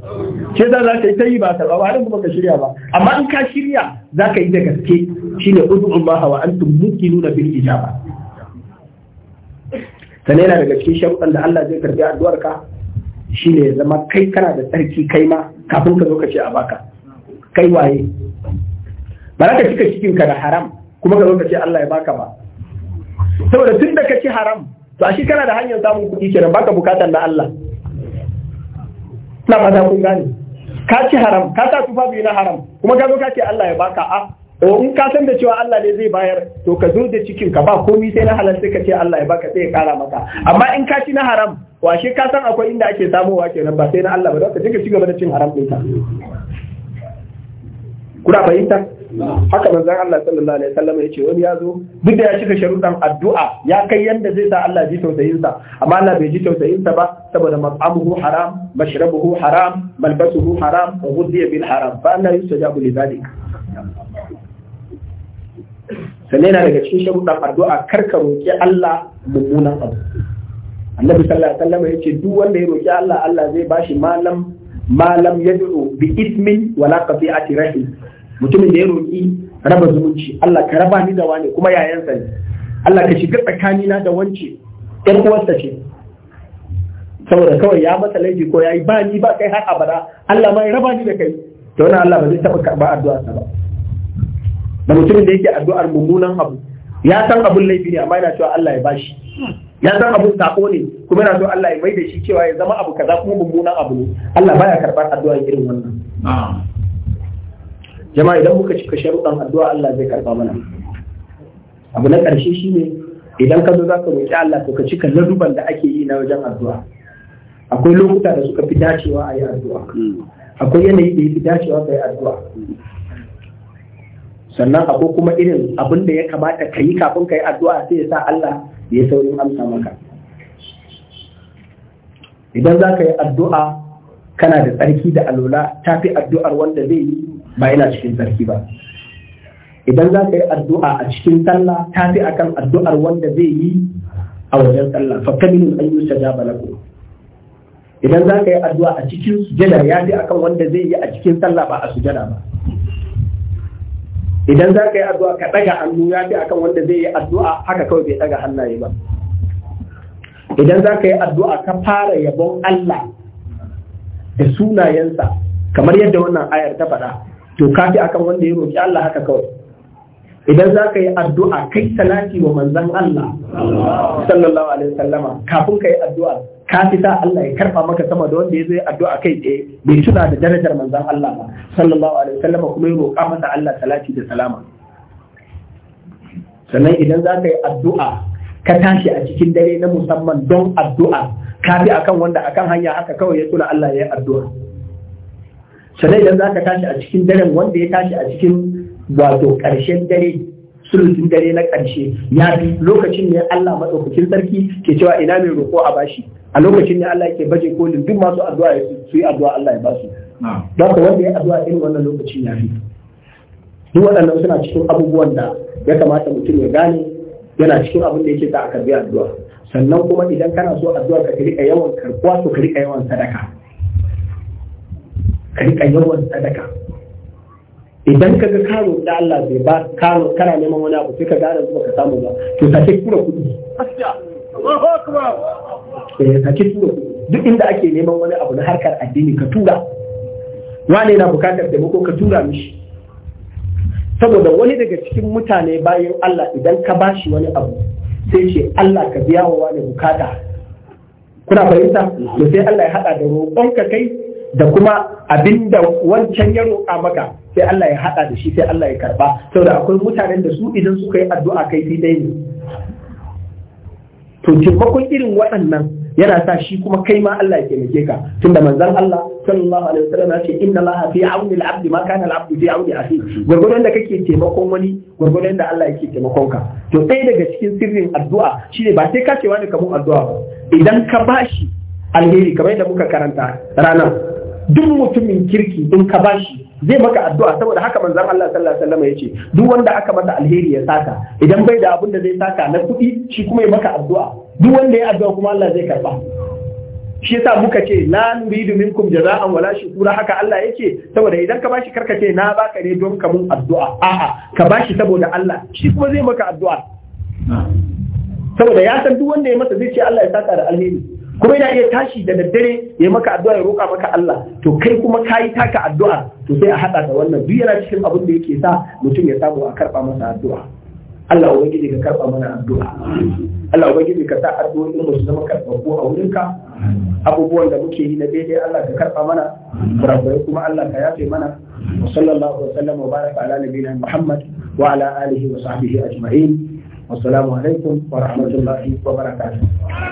Ke za za ka yi ta yi ba karɓa ba har kuma ka shirya ba amma in ka shirya za ka yi da gaske shine ud'u Allah wa antum nuna bil ijaba sannan yana daga cikin sharuɗan da Allah zai karɓi addu'ar ka shine ya zama kai kana da tsarki kai ma kafin ka zo ka ce a baka kai waye ba za ka cika cikin ka da haram kuma ka zo ka ce Allah ya baka ba saboda tun da ka ci haram to a shi kana da hanyar samun kuɗi kenan baka bukatar da Allah na fata kun gane ka ci haram ka sa biyu na haram kuma ka zo ka ce Allah ya baka a ah, o in ka san da cewa Allah ne zai bayar to ka zo da cikin ka ba komai sai na halal sai ka ce Allah ya baka sai ya kara maka amma in ka ci na haram washe ka san akwai inda ake samowa kenan ba sai na Allah ba za ka ci gaba da cin haram ɗinka kuna fahimta haka manzon Allah sallallahu alaihi wasallam ya ce wani ya zo duk da ya cika sharuɗan addu'a ya kai yanda zai sa Allah ji tausayin sa amma Allah bai ji tausayin sa ba saboda mat'amuhu haram mashrabuhu haram malbasuhu haram wa ghudhiya bil haram fa Allah yustajabu li dhalik sannan yana daga cikin sharuɗan addu'a karka roƙi Allah mummunan abu annabi sallallahu alaihi wasallam yace duk wanda ya roki Allah Allah zai bashi malam malam yad'u bi ismin wala qati'ati rahim mutumin da ya roƙi raba zumunci Allah ka raba ni da wani kuma yayansa ne Allah ka shiga na da wance ɗan uwarsa ce saboda kawai ya masa laifi ko ya yi ba ni ba kai har abada Allah ma ya raba ni da kai to wannan Allah ba zai taɓa karɓa addu'a sa ba da mutumin da yake addu'ar mummunan abu ya san abun laifi ne amma yana cewa Allah ya bashi ya san abun sako ne kuma yana so Allah ya mai da shi cewa ya zama abu kaza kuma mummunan abu ne Allah baya karɓar addu'a irin wannan jama'a idan muka cika sharuɗan addu'a Allah zai karɓa mana abu na ƙarshe shi ne idan ka zo za ka roƙi Allah to ka cika laruban da ake yi na wajen addu'a akwai lokuta da suka fi dacewa a yi addu'a akwai yanayi da ya fi dacewa ka yi addu'a sannan akwai kuma irin abin da ya kamata ka yi kafin ka yi addu'a sai ya sa Allah ya saurin amsa maka idan za ka yi addu'a kana da tsarki da alola ta fi addu'ar wanda zai yi ba yana cikin sarki ba idan za ka yi addu'a a cikin sallah ta fi akan addu'ar wanda zai yi a wajen sallah fa kamilu an yustajaba lakum idan za ka yi addu'a a cikin sujada ya fi akan wanda zai yi a cikin sallah ba a sujada ba idan za ka yi addu'a ka ɗaga hannu ya fi akan wanda zai yi addu'a haka kawai bai ɗaga hannaye ba idan za ka yi addu'a ka fara yabon Allah da sunayensa kamar yadda wannan ayar ta faɗa to kafi akan wanda ya roƙi Allah haka kawai idan za ka yi addu'a kai salati wa manzan Allah sallallahu alaihi wasallama kafin ka yi addu'a ka fi sa Allah ya karfa maka sama da wanda ya zo addu'a kai tsaye bai tuna da darajar manzan Allah ba sallallahu alaihi wasallama kuma ya roƙa masa Allah salati da salama sannan idan za ka yi addu'a ka tashi a cikin dare na musamman don addu'a ka fi akan wanda akan hanya haka kawai ya tuna Allah ya yi addu'a sannan idan za ka tashi a cikin daren wanda ya tashi a cikin wato ƙarshen dare sulutun dare na ƙarshe ya fi lokacin ne Allah maɗaukakin sarki ke cewa ina mai roƙo a bashi a lokacin ne Allah ke baje kolin duk masu addu'a su yi addu'a Allah ya basu don ka wanda ya addu'a irin wannan lokacin ya fi duk waɗannan suna cikin abubuwan da ya kamata mutum ya gane yana cikin abin da yake za a karbi addu'a sannan kuma idan kana so addu'a ka rika yawan karɓuwa to ka rika yawan sadaka ka rika yawan sadaka idan ka ga karo da Allah bai ba karo kana neman wani abu sai ka gara zuwa ka samu ba to sake Allahu kuɗi eh sake tura kuɗi duk inda ake neman wani abu na harkar addini ka tura wani na bukatar taimako ka tura mishi saboda wani daga cikin mutane bayan Allah idan ka bashi wani abu sai ce Allah ka biya wa wani bukata kuna fahimta to sai Allah ya hada da roƙonka kai da kuma abinda wancan ya roƙa maka sai Allah ya haɗa da shi sai Allah ya karba saboda akwai mutanen da su idan suka yi addu'a kai sai dai ne to taimakon irin waɗannan yana sa shi kuma kai ma Allah ya taimake ka tunda manzon Allah sallallahu alaihi wasallam ya ce inna Allah fi auni al-abd ma kana al-abd fi auni akhi gurgurun da kake taimakon wani gurgurun da Allah yake taimakon ka to ɗaya daga cikin sirrin addu'a shine ba sai ka ce wani kamun addu'a ba idan ka bashi alheri kamar yadda muka karanta ranar duk mutumin kirki in ka bashi zai maka addu'a saboda haka manzon Allah sallallahu alaihi wasallam yace duk wanda aka masa alheri ya saka idan bai da abin da zai saka na kuɗi shi kuma ya maka addu'a duk wanda ya addu'a kuma Allah zai karba shi yasa muka ce la nuridu minkum jaza'an wala shukura haka Allah yake saboda idan ka bashi karka ce na baka ne don ka mun addu'a a'a ka bashi saboda Allah shi kuma zai maka addu'a saboda ya san duk wanda ya masa zai ce Allah ya saka da alheri kuma yana iya tashi da daddare ya maka addu'a ya roƙa maka Allah to kai kuma ka yi taka addu'a to sai a haɗa da wannan duk yana cikin abin da yake sa mutum ya samu a karɓa masa addu'a Allah ubangiji ka karɓa mana addu'a Allah ubangiji ka sa addu'o'in mu su zama karɓaɓɓu a wurin ka. abubuwan da muke yi na daidai Allah ka karɓa mana kurakurai kuma Allah ka yafe mana wa sallallahu wa sallam wa baraka ala nabiyina Muhammad wa ala alihi wa sahbihi ajma'in wassalamu alaikum wa rahmatullahi wa barakatuh